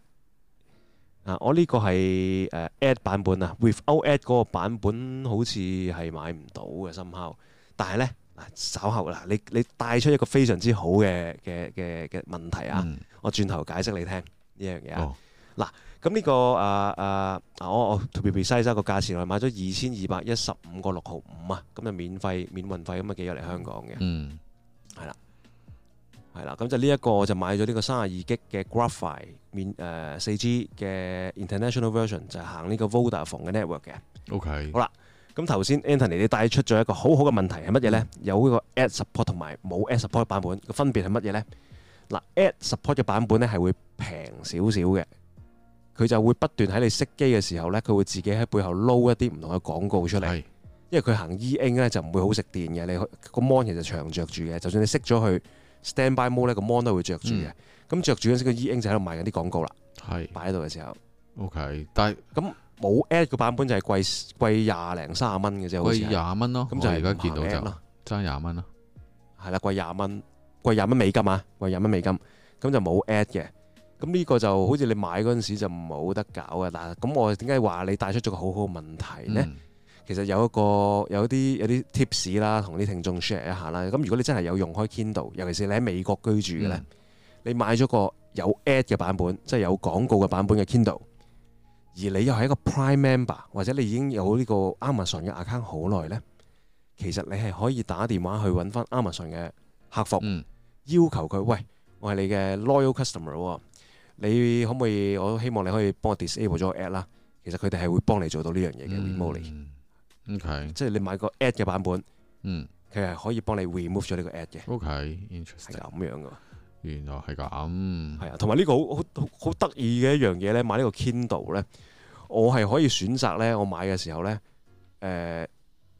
啊，我呢個係誒、uh, add 版本啊，with out add 嗰個版本好似係買唔到嘅，somehow。但係咧，稍後嗱，你你帶出一個非常之好嘅嘅嘅嘅問題啊，嗯、我轉頭解釋你聽。呢樣嘢嗱，咁呢、哦啊呢個啊啊，我我 to be precise，個價錢我買咗二千二百一十五個六毫五啊，咁就免費免運費咁啊寄咗嚟香港嘅。嗯，係啦，係啦，咁就呢一個我就買咗呢個三十二 G 嘅 Graphite 免誒四、呃、G 嘅 International Version 就行呢個 Vodafone 嘅 network 嘅。OK。好啦，咁頭先 Anthony 你帶出咗一個好好嘅問題係乜嘢呢？有呢個 Ad Support 同埋冇 Ad Support 版本個分別係乜嘢呢？嗱，ad support 嘅版本咧係會平少少嘅，佢就會不斷喺你熄機嘅時候咧，佢會自己喺背後撈一啲唔同嘅廣告出嚟。是因為佢行 e ink 咧就唔會好食電嘅，你個 mon 其實長着住嘅，就算你熄咗去 standby mode 個 mon 都會着住嘅。咁着住嗰時，個、嗯、e ink 就喺度賣緊啲廣告啦。係擺喺度嘅時候。O Okay , K，但係咁冇 ad 嘅版本就係貴貴廿零三十蚊嘅啫，好似廿蚊咯。咁就係而家見到就爭廿蚊咯，係啦，貴廿蚊。貴廿蚊美金啊！貴廿蚊美金，咁就冇 ad 嘅。咁呢個就好似你買嗰陣時就冇得搞嘅嗱。但係咁我點解話你帶出咗個好好嘅問題呢？嗯、其實有一個有啲有啲 tips 啦，同啲聽眾 share 一下啦。咁如果你真係有用開 Kindle，尤其是你喺美國居住嘅呢，嗯、你買咗個有 ad 嘅版本，即係有廣告嘅版本嘅 Kindle，而你又係一個 Prime Member 或者你已經有呢個 Amazon 嘅 account 好耐呢，其實你係可以打電話去揾翻 Amazon 嘅。客服、嗯、要求佢：喂，我係你嘅 loyal customer 你可唔可以？我希望你可以幫我 disable 咗個 ad 啦、啊。其實佢哋係會幫你做到呢樣嘢嘅，即係你買個 ad 嘅版本，佢係、嗯、可以幫你 remove 咗呢個 ad 嘅。OK，interesting，係咁樣噶。原來係咁。係啊，同埋呢個好好好得意嘅一樣嘢呢，買呢個 Kindle 呢，我係可以選擇呢。我買嘅時候呢，誒、呃、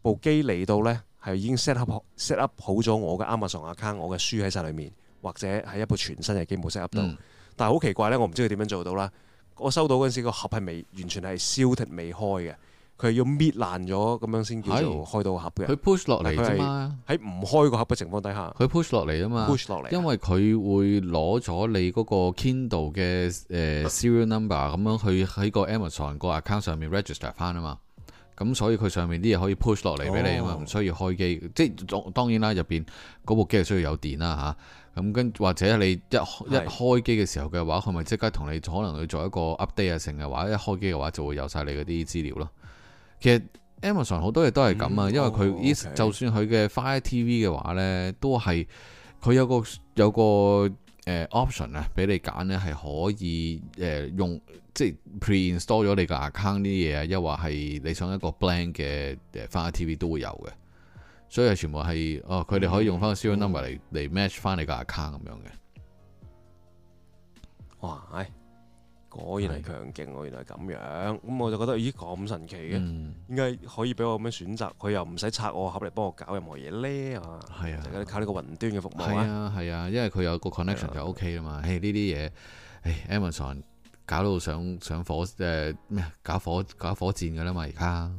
部機嚟到呢。係已經 set up set up 好咗我嘅 Amazon account，我嘅書喺晒裏面，或者係一部全新嘅機冇 set up 到。嗯、但係好奇怪咧，我唔知佢點樣做到啦。我收到嗰陣時，個盒係未完全係 sealed 未開嘅，佢係要搣爛咗咁樣先叫做開到個盒嘅。佢 push 落嚟啫嘛，喺唔開個盒嘅情況底下。佢 push 落嚟啊嘛，push 落嚟。因為佢會攞咗你嗰個 Kindle 嘅誒 serial number 咁樣去喺個 Amazon 個 account 上面 register 翻啊嘛。咁所以佢上面啲嘢可以 push 落嚟俾你啊嘛，唔、哦、需要開機，即係當然啦，入邊嗰部機係需要有電啦吓，咁、啊、跟、啊、或者你一一開機嘅時候嘅話，佢咪是即刻同你可能要做一個 update 啊，成日話一開機嘅話就會有晒你嗰啲資料咯。其實 Amazon 好多嘢都係咁啊，嗯、因為佢依就算佢嘅 Fire TV 嘅話咧，都係佢有個有個。有個誒 option 啊，俾、呃、你揀咧，係可以誒、呃、用，即係 pre-install 咗你個 account 呢啲嘢啊，又或係你想一個 blank 嘅誒 Fire TV 都會有嘅。所以係全部係哦，佢哋可以用翻個 serial number 嚟嚟 match 翻你個 account 咁樣嘅。哇！哎～果然係強勁喎，的原來係咁樣，咁我就覺得咦咁神奇嘅，點、嗯、解、嗯、可以俾我咁樣選擇？佢又唔使拆我盒嚟幫我搞任何嘢咧啊！係啊的，靠呢個雲端嘅服務啊！係啊係啊，因為佢有個 connection 的就 O K 啦嘛。誒呢啲嘢誒 Amazon 搞到上上火誒咩、呃、搞火搞火箭㗎啦嘛！而家呢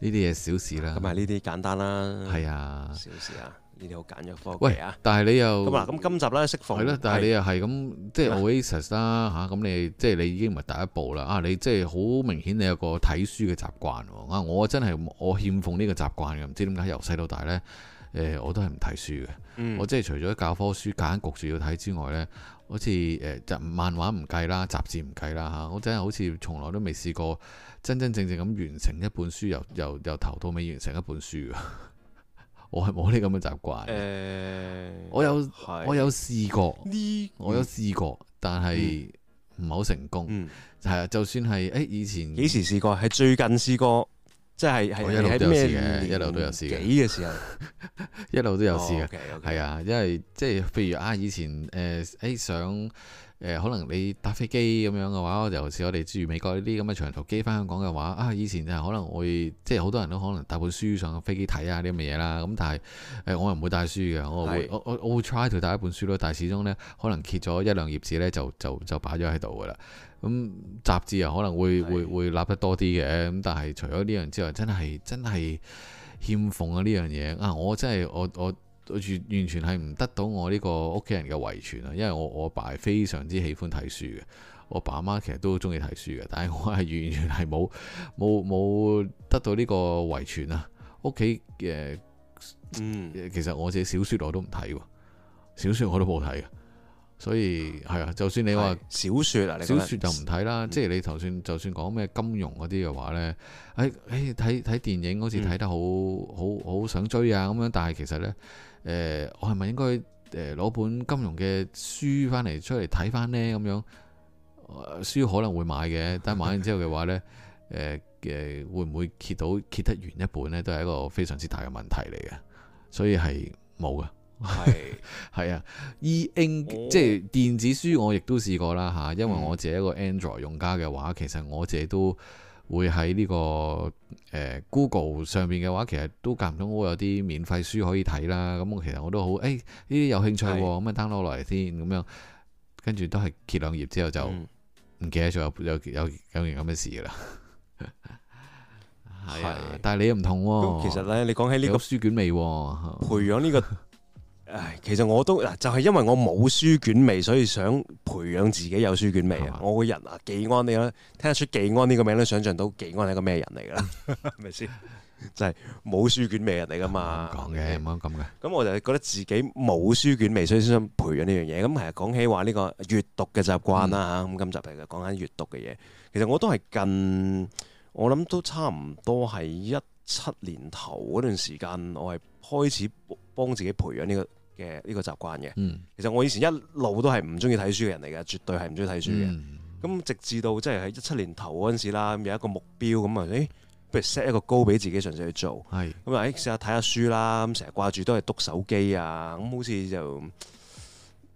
啲嘢小事啦，咁啊呢啲簡單啦，係啊的小事啊。你哋好簡約科技。喂啊！喂但係你又咁、嗯、今集咧釋放。係啦。但係你又係咁，即係 Oasis 啦嚇的。咁、啊、你即係你已經唔係第一步啦啊！你即係好明顯，你有個睇書嘅習慣啊！我真係我欠奉呢個習慣嘅，唔知點解由細到大呢，誒、呃、我都係唔睇書嘅。嗯、我即係除咗教科書揀焗住要睇之外呢，好似誒就漫畫唔計啦，雜誌唔計啦嚇、啊。我真係好似從來都未試過真真正正咁完成一本書，由由由，由，由頭到尾完成一本書。我係冇呢咁嘅習慣嘅，欸、我有是我有試過呢，嗯、我有試過，但係唔係好成功。係啊、嗯，就算係誒、欸、以前幾時試過？係最近試過，即係係喺咩年紀嘅時候？一路都有試嘅，係啊，因為即係譬如啊，以前誒誒、欸、想。誒、呃、可能你搭飛機咁樣嘅話，就似我哋住美國呢啲咁嘅長途機翻香港嘅話，啊，以前就可能會即係好多人都可能搭本書上飛機睇下啲咁嘅嘢啦，咁但係誒、呃、我唔會帶書嘅，我會是的 我我我會 try to 帶一本書咯，但係始終呢，可能揭咗一兩頁紙呢，就就就擺咗喺度噶啦，咁、嗯、雜誌又可能會是的 會會立得多啲嘅，咁但係除咗呢樣之外，真係真係欠奉啊呢樣嘢啊我真係我我。我我我完完全係唔得到我呢個屋企人嘅遺傳啊，因為我我爸係非常之喜歡睇書嘅，我爸阿媽其實都中意睇書嘅，但係我係完全係冇冇冇得到呢個遺傳啊，屋企嘅，其實我自己小說我都唔睇喎，小說我都冇睇嘅，所以係啊，就算你話小說啊，小說，小說就唔睇啦，即係你頭先就，就算講咩金融嗰啲嘅話呢，誒誒睇睇電影好似睇得好好好想追啊咁樣，但係其實呢。誒、呃，我係咪應該誒攞、呃、本金融嘅書翻嚟出嚟睇翻呢？咁樣、呃、書可能會買嘅，但係買完之後嘅話呢，誒誒、 *laughs* 呃、會唔會揭到揭得完一本呢，都係一個非常之大嘅問題嚟嘅，所以係冇嘅，係係是 *laughs* 啊，E-ink、oh. 即係電子書，我亦都試過啦嚇、啊，因為我自己一個 Android 用家嘅話，其實我自己都。會喺呢、這個誒、呃、Google 上面嘅話，其實都夾唔到間唔中，我有啲免費書可以睇啦。咁我其實我都好，誒呢啲有興趣喎、啊，咁咪 download 落嚟先，咁樣跟住都係揭兩頁之後就唔、嗯、記得咗有有有有，有件咁嘅事啦。係、 *laughs* *laughs* 哎、呀啊，但係你又唔同喎。其實咧，你講起呢個書卷味喎、啊，培養呢個。 *laughs* 其實我都嗱，就係、是、因為我冇書卷味，所以想培養自己有書卷味啊！吧我個人啊，忌安呢，聽得出忌安呢個名都想像到忌安係一個咩人嚟㗎啦，咪先？就係冇書卷味人嚟㗎嘛。講嘅，咁我就覺得自己冇書卷味，所以想培養呢樣嘢。咁其實講起話呢個閱讀嘅習慣啦咁、嗯、今集嚟嘅講緊閱讀嘅嘢，其實我都係近，我諗都差唔多係一七年頭嗰段時間，我係開始幫自己培養呢、這個，嘅呢個習慣嘅，嗯、其實我以前一路都係唔中意睇書嘅人嚟嘅，絕對係唔中意睇書嘅。咁、嗯、直至到即係喺一七年頭嗰陣時啦，有一個目標咁啊，不如 set 一個高俾自己嘗試去做。咁啊是，試下睇下書啦，咁成日掛住都係篤手機啊，咁好似就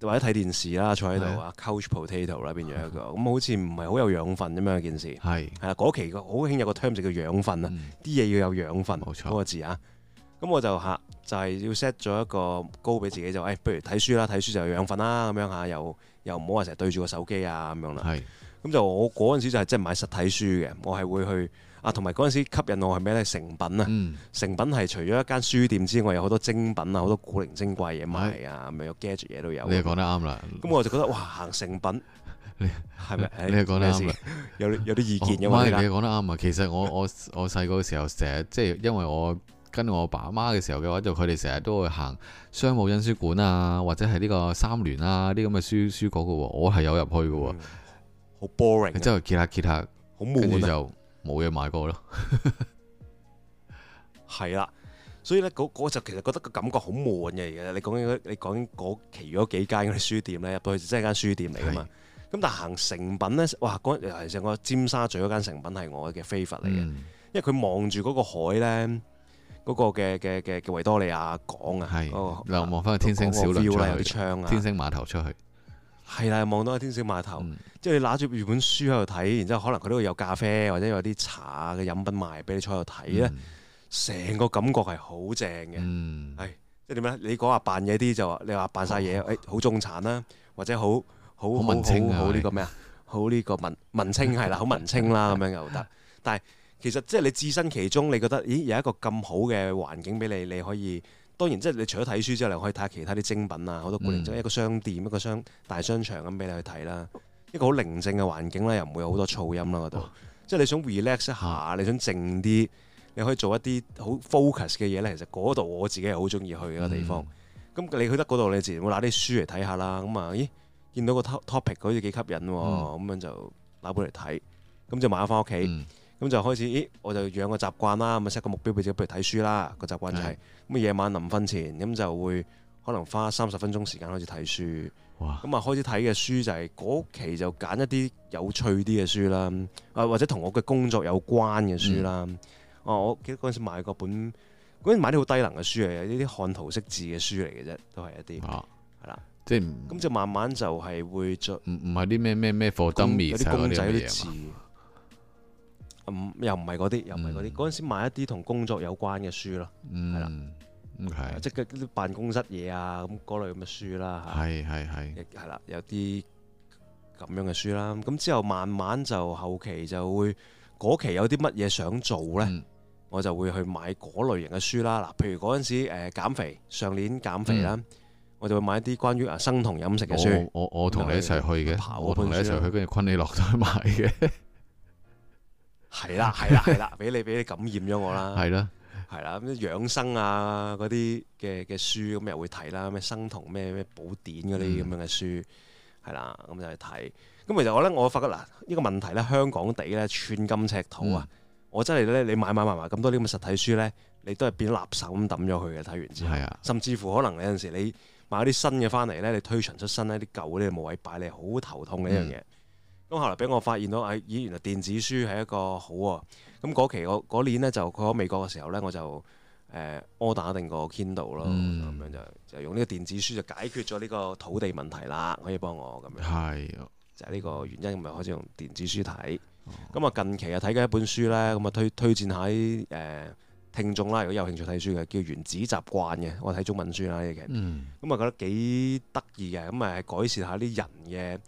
或者睇電視啦，坐喺度是啊 couch potato 啦，變咗一個咁是好似唔係好有養分咁樣，件事係係啊。嗰是期好興有個 term 就叫養分啊，啲嘢、嗯嗯、要有養分，冇沒錯嗰個字啊。咁我就吓，就係要 set 咗一個 goal 俾自己就，誒，不如睇書啦，睇書就有養分啦，咁樣嚇，又又唔好話成日對住個手機啊，咁樣啦。係。咁就我嗰陣時就係即係買實體書嘅，我係會去啊，同埋嗰陣時吸引我係咩咧？誠品啊，誠品係除咗一間書店之外，有好多精品啊，好多古靈精怪嘢賣啊，咪有 g e a 嘢都有。你講得啱啦。咁我就覺得哇，行誠品，你係咪？你係講得啱啊！有有啲意見㗎嘛？講得啱啊！其實我我我細個嘅時候，成日即係因為我。跟住我爸阿媽嘅時候嘅話，就佢哋成日都會行商務印書館啊，或者係呢個三聯啊啲咁嘅書書館噶喎，我係有入去噶喎，好 boring、嗯。啊、之後揭下揭下好悶，啊，就冇嘢買過咯。係 *laughs* 啦，所以咧嗰嗰就其實覺得個感覺好悶嘅，而家你講緊你講緊嗰其餘嗰幾間嗰啲書店咧，入到去真係間書店嚟噶嘛。咁是但係行誠品咧，哇！嗰其實我尖沙咀嗰間誠品係我嘅飛佛嚟嘅，嗯、因為佢望住嗰個海咧。嗰個嘅嘅嘅維多利亞港啊，係望翻去天星小輪出去，天星碼頭出去係啦，望到個天星碼頭，即係你攞住本書喺度睇，然之後可能佢都會有咖啡或者有啲茶嘅飲品賣俾你坐喺度睇咧，成個感覺係好正嘅，係即係點咧？你講話扮嘢啲就話你話扮晒嘢，誒好中產啦，或者好好好文青好呢個咩啊？好呢個文文青係啦，好文青啦咁樣又得，但係。其實即係你置身其中，你覺得咦有一個咁好嘅環境俾你，你可以當然即係你除咗睇書之外，你可以睇下其他啲精品啊，好多古蹟，即係、嗯、一個商店，一個商大商場咁俾你去睇啦，一個好寧靜嘅環境啦，又唔會有好多噪音啦嗰度，哦、即係你想 relax 一下，你想靜啲，你可以做一啲好 focus 嘅嘢咧。其實嗰度我自己係好中意去嘅地方。咁、嗯、你去得嗰度，你自然會拿啲書嚟睇下啦。咁啊，咦見到個 topic 好似幾吸引喎，咁、哦、樣就拿本嚟睇，咁就買咗翻屋企。嗯嗯咁就開始，咦？我就養個習慣啦，咁 set 個目標俾自己，比如睇書啦。個習慣就係、是、咁，夜、嗯、晚臨瞓前咁就會可能花三十分鐘時間開始睇書。咁啊哇，開始睇嘅書就係、是、嗰期就揀一啲有趣啲嘅書啦，啊或者同我嘅工作有關嘅書啦。哦、嗯啊，我記得嗰陣時買過本，嗰陣買啲好低能嘅書嚟，有呢啲看圖識字嘅書嚟嘅啫，都係一啲係啦，即係咁就慢慢就係會做。唔唔係啲咩咩咩貨，啲公仔，嗰啲字。又唔係嗰啲，又唔係嗰啲。嗰陣、嗯、時買一啲同工作有關嘅書咯，係、嗯、啦，okay. 即係啲辦公室嘢啊咁嗰類咁嘅書啦，係係係，亦係啦，有啲咁樣嘅書啦。咁之後慢慢就後期就會嗰期有啲乜嘢想做咧？嗯、我就會去買嗰類型嘅書啦。嗱，譬如嗰陣時誒減肥，上年減肥啦，的我就會買一啲關於啊生酮飲食嘅書。我我同你一齊去嘅，我同你一齊去跟住昆里樂都買嘅。 *laughs* 係啦係啦係啦，俾 *laughs* 你俾你感染咗我啦。係咯， *laughs* 係啦，咁養生啊嗰啲嘅嘅書咁又會睇啦，咩生酮咩咩寶典嗰啲咁樣嘅書，係啦咁就去睇。咁其實我咧我發覺嗱呢、呢個問題咧，香港地咧寸金尺土啊，嗯、我真係咧你買買買買咁多呢啲實體書咧，你都係變垃圾咁抌咗佢嘅。睇完之後，嗯、甚至乎可能有陣時你買啲新嘅翻嚟咧，你推陳出新呢啲舊嗰啲冇位擺，你係好頭痛嘅一、嗯、樣嘢。咁後來俾我發現到，哎咦，原來電子書係一個好喎、啊。咁、那、嗰、個、期我嗰、那個、年呢，就佢喺美國嘅時候呢，我就誒柯打定個 Kindle 咯，咁、嗯、樣就就用呢個電子書就解決咗呢個土地問題啦，可以幫我咁樣。係，是的 就係呢個原因，咁咪開始用電子書睇。咁啊、哦、近期啊睇緊一本書呢，咁啊推推薦下啲誒、呃、聽眾啦，如果有興趣睇書嘅，叫《原子習慣》嘅，我睇中文書啦，呢嗯。咁啊覺得幾得意嘅，咁啊改善下啲人嘅。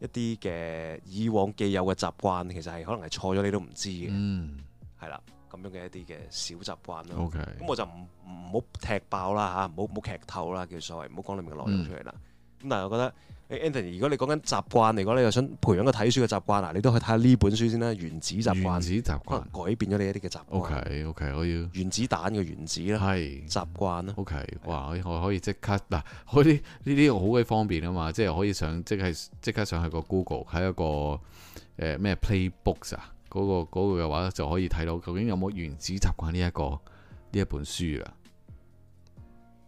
一啲嘅以往既有嘅習慣，其實係可能係錯咗，你都唔知嘅。嗯，係啦，咁樣嘅一啲嘅小習慣咯。OK，咁我就唔唔好踢爆啦嚇，唔好唔好劇透啦叫做所謂，唔好講裡面嘅內容出嚟啦。咁、嗯、但係我覺得。Anthony，如果你講緊習慣嚟講，你又想培養個睇書嘅習慣啊，你都可以睇下呢本書先啦，《原子習慣》。原子習慣。可能改變咗你一啲嘅習慣。OK，OK，我要。原子彈嘅原子啦。係。習慣啦。OK，哇！我可以即刻嗱，啲呢啲好嘅方便啊嘛，即係可以上即係即刻，即刻上去個 Google，喺一個誒咩、呃、Play Books 啊，嗰、嗰個嘅、那個、話就可以睇到究竟有冇《原子習慣》呢一個呢一本書啊？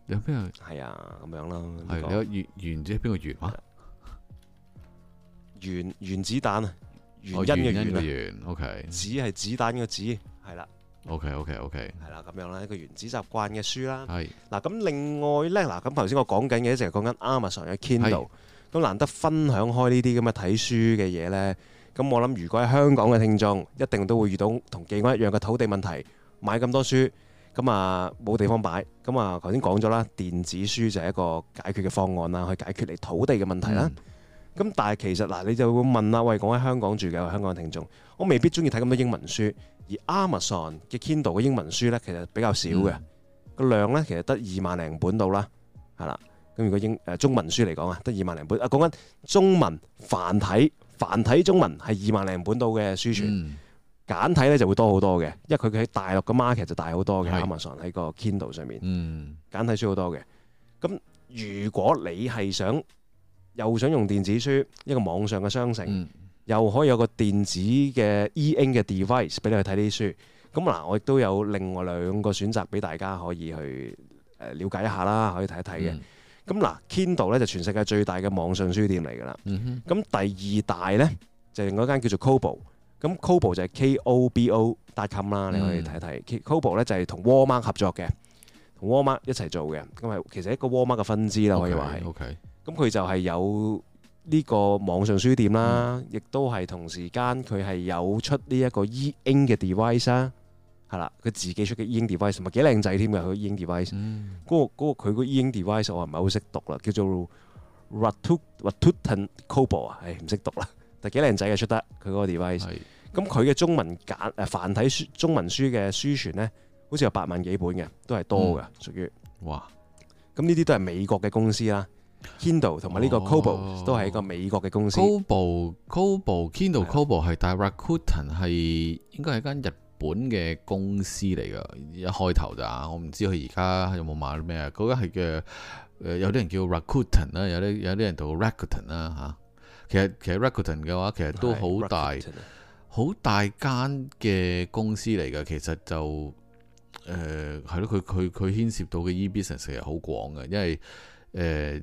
有邊個？係啊，咁樣啦。係，你個原子係邊個圓啊？原原子彈啊，原因嘅原，O K，子係子彈嘅子，係啦，O K O K O K，係啦，咁樣啦，一個原子習慣嘅書啦，係嗱咁另外咧嗱咁頭先我講緊嘅，淨係講緊 Amazon 嘅 Kindle，都是難得分享開呢啲咁嘅睇書嘅嘢呢。咁我諗如果喺香港嘅聽眾，一定都會遇到同寄港一樣嘅土地問題，買咁多書，咁啊冇地方擺，咁啊頭先講咗啦，電子書就係一個解決嘅方案啦，去解決你土地嘅問題啦。嗯咁但係其實嗱，你就會問啦，喂，講喺香港住嘅香港嘅聽眾，我未必中意睇咁多英文書，而 Amazon 嘅 Kindle 嘅英文書咧，其實比較少嘅，個、嗯、量咧其實得二萬零本到啦，係啦。咁如果英誒、呃、中文書嚟講啊，得二萬零本。啊，講緊中文繁體繁體中文係二萬零本到嘅書全、嗯、簡體咧就會多好多嘅，因為佢喺大陸嘅 market 就大好多嘅。是 Amazon 喺個 Kindle 上面，嗯、簡體書好多嘅。咁如果你係想又想用電子書，一個網上嘅商城，嗯、又可以有個電子嘅 e-ink 嘅 device 俾你去睇啲書。咁嗱，我亦都有另外兩個選擇俾大家可以去誒瞭解一下啦，可以睇一睇嘅。咁嗱，Kindle 咧就全世界最大嘅網上書店嚟噶啦。咁、嗯、哼第二大呢，就另外一間叫做 Kobo。咁 Kobo 就係 K-O-B-O .com 啦,你可以睇一睇。嗯、Kobo 咧就係、是、同 Walmart 合作嘅，同 Walmart 一齊做嘅。咁咪其實一個 Walmart 嘅分支啦，可以話係。咁佢就係有呢個網上書店啦，嗯、亦都係同時間佢係有出呢一個 e-ink 嘅 device，啦、啊。係啦，佢自己出嘅 e-ink device，同埋幾靚仔添嘅佢 e-ink device，嗰、嗯那個嗰個佢、嗰個 e-ink device 我唔係好識讀啦，叫做 Rakuten Rakuten Kobo 啊，唉唔識讀啦，但幾靚仔嘅出得佢嗰個 device，咁佢嘅中文簡繁體書中文書嘅書傳咧，好似有八萬幾本嘅，都係多嘅，嗯、屬於哇，咁呢啲都係美國嘅公司啦。Kindle 同埋呢個 Kobo 都係一個美國嘅公司。Kobo 是、Kobo、Kindle、Kobo 係，但 Rakuten 係應該係間日本嘅公司嚟噶，一開頭咋，我唔知佢而家有冇買咩啊？嗰間係嘅，誒有啲人叫 Rakuten 啦，有啲有啲人做 Rakuten 啦嚇。其實其實 Rakuten 嘅話，其實都好大好是大間嘅公司嚟噶。其實就誒係咯，佢佢佢牽涉到嘅、e、business 成日好廣嘅，因為誒。呃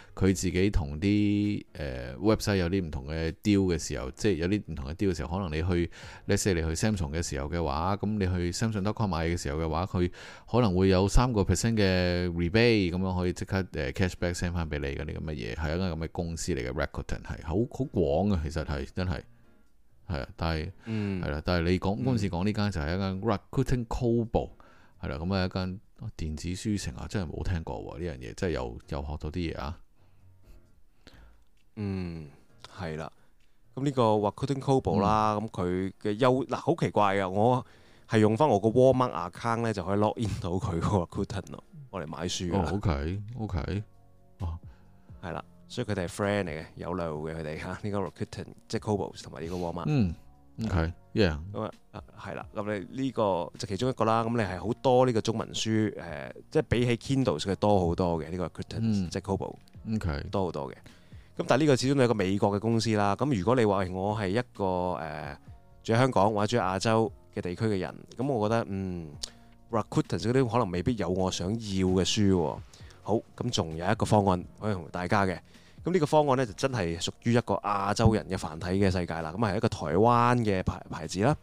佢自己同啲誒 website 有啲唔同嘅 deal 嘅時候，即係有啲唔同嘅 deal 嘅時候，可能 需要 Given feed 你去 l e s 你去 Samsung 嘅時候嘅話，咁你去 Samsung.com 買嘅時候嘅話，佢可能會有三個 percent 嘅 rebate 咁樣可以即刻 cashback send 翻俾你嘅呢個乜嘢，係一間咁嘅公司嚟嘅 r e c o r d i n t 係好好廣嘅，其實係真係係啊，但係嗯啦，但係你講今次講呢間就係一間 r e c o r d i t m n t call 部係啦，咁啊一間電子書城啊，真係冇聽過呢樣嘢，真係又又學到啲嘢啊！嗯，係啦。咁呢個 Rakuten Kobo 啦，咁佢嘅優嗱好奇怪嘅，我係用翻我個 Rakuten account 咧，就可以 log in 到佢個 Rakuten 咯，我嚟買書哦，OK，OK，哦，係、okay, 啦、okay 哦，所以佢哋係 friend 嚟嘅，有路嘅佢哋吓，呢個 Rakuten 即係 Kobo 同埋呢個 Rakuten。嗯，OK，Yeah，咁啊，係、這、啦、個。咁你呢個就其中一個啦。咁你係好多呢個中文書誒，即、呃、係、就是、比起 Kindle、這個、s 佢、嗯 okay. 多好多嘅呢個 Rakuten 即係 Kobo，多好多嘅。咁但係呢個始終都係一個美國嘅公司啦。咁如果你話我係一個誒住喺香港或者住喺亞洲嘅地區嘅人，咁我覺得嗯，recruiters 嗰啲可能未必有我想要嘅書喎。好，咁仲有一個方案可以同大家嘅。咁呢個方案咧就真係屬於一個亞洲人嘅繁體嘅世界啦。咁係一個台灣嘅牌牌子啦。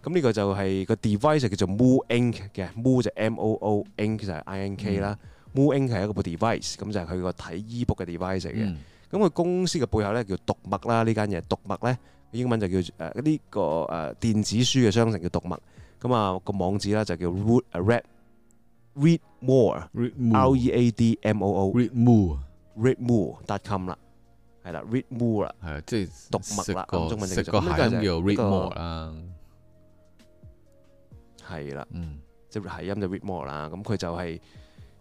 咁呢個就係個 device 叫做 Moo Ink，嘅 Moo 就 M O O Ink，就係 I N K 啦。Moo Ink 係一個個 device，咁就係佢個睇 ebook 嘅 device 嚟嘅。咁佢公司嘅背後咧叫讀物啦，呢間嘢讀物咧，英文就叫誒呢個誒電子書嘅商城叫讀物。咁啊個網址啦就叫 read read more r e a d m o o read more read more dot com 啦，係啦 read more 啦，係啊即係讀物啦，按中文嚟叫做咩就叫 read more 啦，係啦，嗯，即係諧音就 read more 啦，咁佢就係。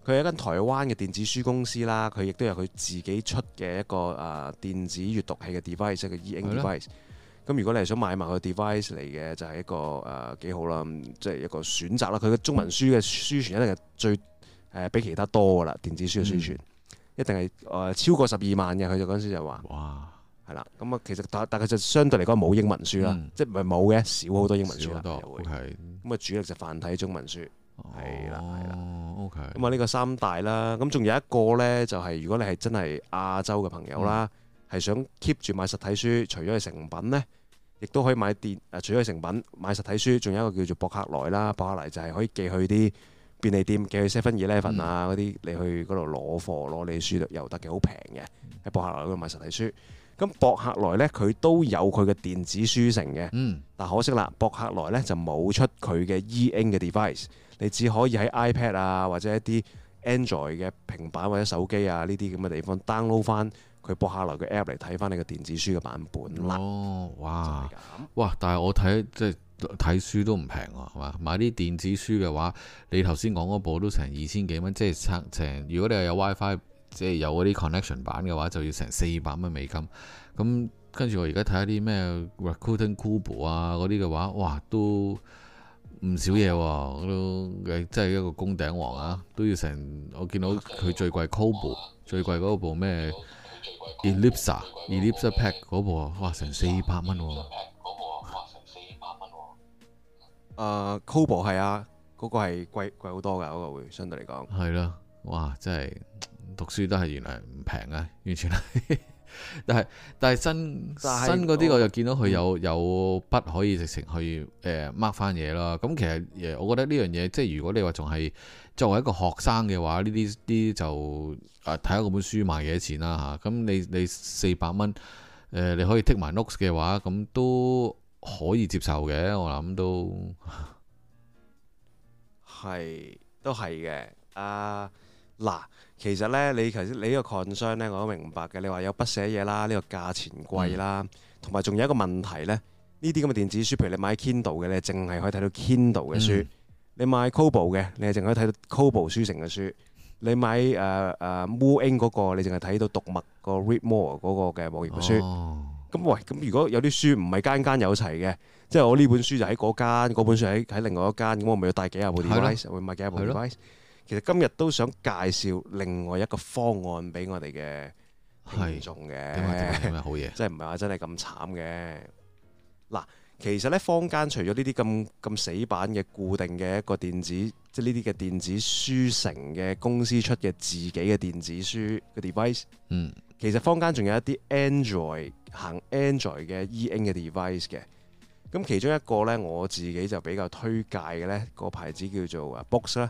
佢係一間台灣嘅電子書公司啦，佢亦都有佢自己出嘅一個誒、呃、電子閱讀器嘅 device，即 E-ink device。咁的如果你係想買埋個 device 嚟嘅，就係、是、一個誒、呃、幾好啦，即、嗯、係、就是、一個選擇啦。佢嘅中文書嘅書存一定係最誒、呃、比其他多噶啦，電子書嘅書存、嗯、一定係誒、呃、超過十二萬嘅。佢就嗰陣時就話，哇，係啦。咁啊，其實大大概就相對嚟講冇英文書啦，嗯、即係唔係冇嘅，少好多英文書啦，又咁啊，okay 嗯、主力就繁體中文書。係啦，係啦，哦，OK。咁啊，呢個三大啦，咁仲有一個呢，就係如果你係真係亞洲嘅朋友啦，係、嗯、想 keep 住買實體書，除咗係成品呢，亦都可以買電，誒，除咗係成品買實體書，仲有一個叫做博客來啦，博客來就係可以寄去啲便利店，寄去 Seven Eleven 啊嗰啲，嗯，你去嗰度攞貨，攞你書又得嘅，好平嘅喺博客來嗰度買實體書。咁博客來呢，佢都有佢嘅電子書城嘅。嗯，但可惜啦，博客來呢就冇出佢嘅 e-ink 嘅 device。你只可以喺 iPad 啊，或者一啲 Android 嘅平板或者手機啊呢啲咁嘅地方 download 翻佢博客來嘅 app 嚟睇翻你個電子書嘅版本咯、哦。哇哇！但係我睇即係睇書都唔平喎，係嘛？買啲電子書嘅話，你頭先講嗰部都成二千幾蚊，即係七成。如果你係有 WiFi。Fi, 即係有嗰啲 connection 版嘅話，就要成四百蚊美金。咁跟住我而家睇下啲咩 Rakuten Kobo 啊嗰啲嘅話，哇都唔少嘢，都、啊、都即係一個工頂王啊！都要成我見到佢最貴 Kobo 最貴嗰部咩 Elipsa Elipsa pack 嗰部哇，成四百蚊喎。嗰部啊，哇，成四百蚊喎。啊，Kobo 係啊，嗰、uh，啊那個係貴貴好多㗎，嗰、那個會相對嚟講係咯。哇，真係～讀書都係原來唔平啊，完全係。但係但係新債不 新嗰啲，我就見到佢有有筆可以直情去誒 mark 翻嘢啦。咁、呃嗯、其實我覺得呢樣嘢，即係如果你話仲係作為一個學生嘅話，呢啲啲就誒睇下本書賣幾多錢啦嚇。咁、啊、你你四百蚊你可以 take 埋 notes 嘅話，咁都可以接受嘅。我諗都係都係嘅。啊嗱。其實咧，你頭先你呢個 concern 咧，我都明白嘅。你話有筆寫嘢啦，呢、呢個價錢貴啦，同埋仲有一個問題咧，呢啲咁嘅電子書，譬如你買 Kindle 嘅咧，淨係可以睇到 Kindle 嘅書,、嗯、書,書；你買 Kobo 嘅，你係淨係可以睇到 Kobo 書城嘅書；你買誒誒 MoEng 嗰個，你淨係睇到讀物、嗰個 ReadMore 嗰個嘅網頁嘅書。咁、哦、喂，咁如果有啲書唔係間間有齊嘅，即係我呢本書就喺嗰間，嗰本書喺喺另外一間，咁我咪要帶幾廿部 device 會買幾廿部 device。其實今日都想介紹另外一個方案俾我哋嘅聽眾嘅，即係唔係話真係咁慘嘅。嗱，其實咧，坊間除咗呢啲咁咁死板嘅固定嘅一個電子，即係呢啲嘅電子書城嘅公司出嘅自己嘅電子書嘅 device，嗯，其實坊間仲有一啲 Android 行 Android 嘅 E-ink 嘅 device 嘅。咁其中一個咧，我自己就比較推介嘅咧，個牌子叫做啊 Box 啦。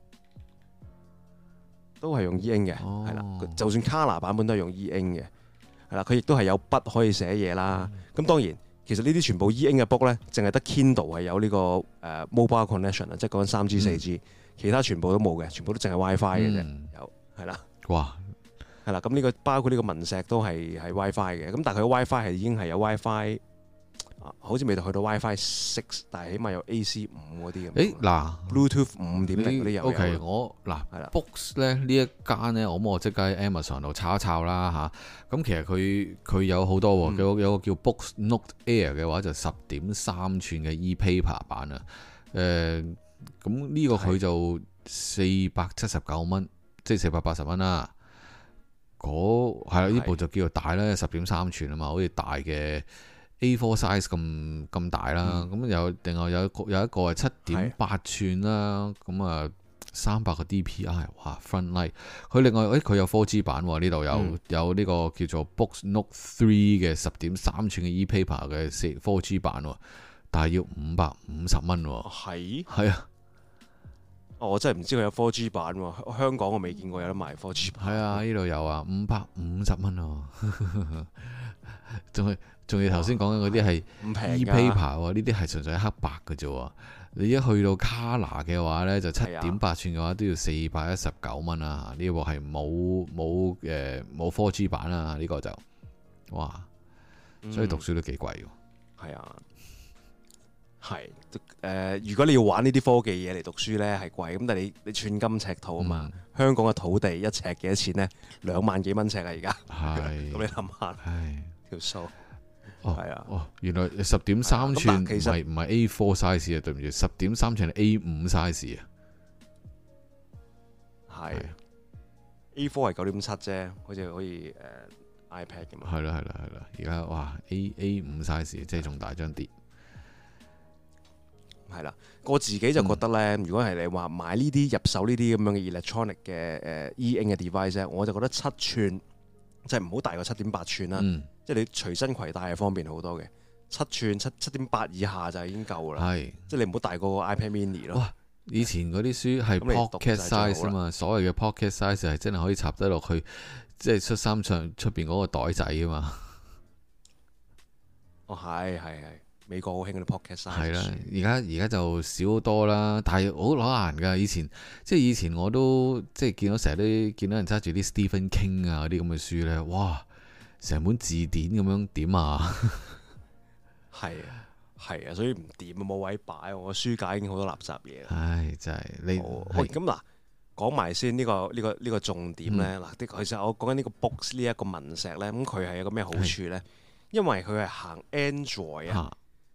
都係用 e-ink 嘅，係啦、哦，就算 color 版本都係用 e-ink 嘅，係啦，佢亦都係有筆可以寫嘢啦。咁當然，其實呢啲全部 e-ink 嘅 book 咧，淨係得 Kindle 係有呢、這個誒、呃、mobile connection 啊、嗯，即係講緊三 G、四 G，其他全部都冇嘅，全部都淨係 WiFi 嘅啫。嗯、有，係啦。哇，係啦，咁呢個包括呢個文石都係係 WiFi 嘅，咁但係佢 WiFi 係已經係有 WiFi。Fi 好似未到去到 WiFi Six，但係起碼有 AC 五嗰啲咁。誒嗱，Bluetooth 五點零嗰啲有。O.K. 我嗱係啦，Books 咧呢一間咧，我冇即刻喺 Amazon 度抄一抄啦嚇。咁其實佢佢有好多，有有個叫 Books Note Air 嘅話就十點三寸嘅 E-paper 版啊。誒，咁呢個佢就四百七十九蚊，即係四百八十蚊啦。嗰係啊，呢部就叫做大咧，十點三寸啊嘛，好似大嘅。A4 size 咁咁大啦，咁有、嗯、另外有有一個係七點八寸啦，咁啊三百個 DPI，哇 front light 佢另外誒佢有 4G 版喎，呢度有、嗯、有呢個叫做 BOOX Note Three 嘅十點三寸嘅 ePaper 嘅四 4G 版，但係要五百五十蚊喎，係係是啊，我真係唔知佢有 4G 版喎，香港我未見過有得賣 4G 版，係啊，呢度有啊，五百五十蚊喎。仲係仲要頭先講嘅嗰啲係唔平嘅。e-paper 呢啲係純粹黑白嘅啫，你一去到卡拿嘅話呢，就七點八寸嘅話都要四百一十九蚊啦。呢、這個係冇冇誒冇科技版啦、啊，呢、這個就哇，所以讀書都幾貴。係啊、嗯，係誒、呃，如果你要玩呢啲科技嘢嚟讀書呢，係貴咁。但係你你寸金尺土啊嘛，嗯、香港嘅土地一尺幾多錢呢？兩萬幾蚊尺啊，而家咁， *laughs* 你諗下條數哦，係啊。哦，原來十點三寸，其實唔係唔係 A four size 啊，對唔住十點三寸係 A 五 size 啊，係啊 A four 係九點七啫，好似可以誒、uh, iPad 咁。係啦係啦係啦，而家哇 A A 五 size 即係仲大張啲，係啦。我自己就覺得咧、嗯、如果係你話買呢啲入手呢啲咁樣嘅 electronic 嘅誒、uh, e ink 嘅 device 我就覺得七寸。即係唔好大過七點八寸啦，嗯、即係你隨身攜帶係方便好多嘅。七寸七七點八以下就已經夠啦，是即係你唔好大過 iPad Mini 咯、哦。以前嗰啲書係 pocket size 啊嘛，所謂嘅 pocket size 係真係可以插得落去，即、就、係、是、出三上出邊嗰個袋仔啊嘛。哦，係係係。美國好興嗰啲 podcast，係啦，而家而家就少好多啦。但係好攞閒㗎，以前即係以前我即即都即係見到成日都見到人揸住啲 Stephen King 啊啲咁嘅書咧，哇！成本字典咁樣點啊？係啊，係啊，所以唔掂，冇位擺。我書架已經好多垃圾嘢。唉，真係你咁嗱，嗯嗯嗯、講埋先呢個呢、呢個呢、呢個重點咧嗱，其實我講緊呢個 BOOX 呢一個文石咧，咁佢係一個咩好處咧？啊、因為佢係行 Android 啊。行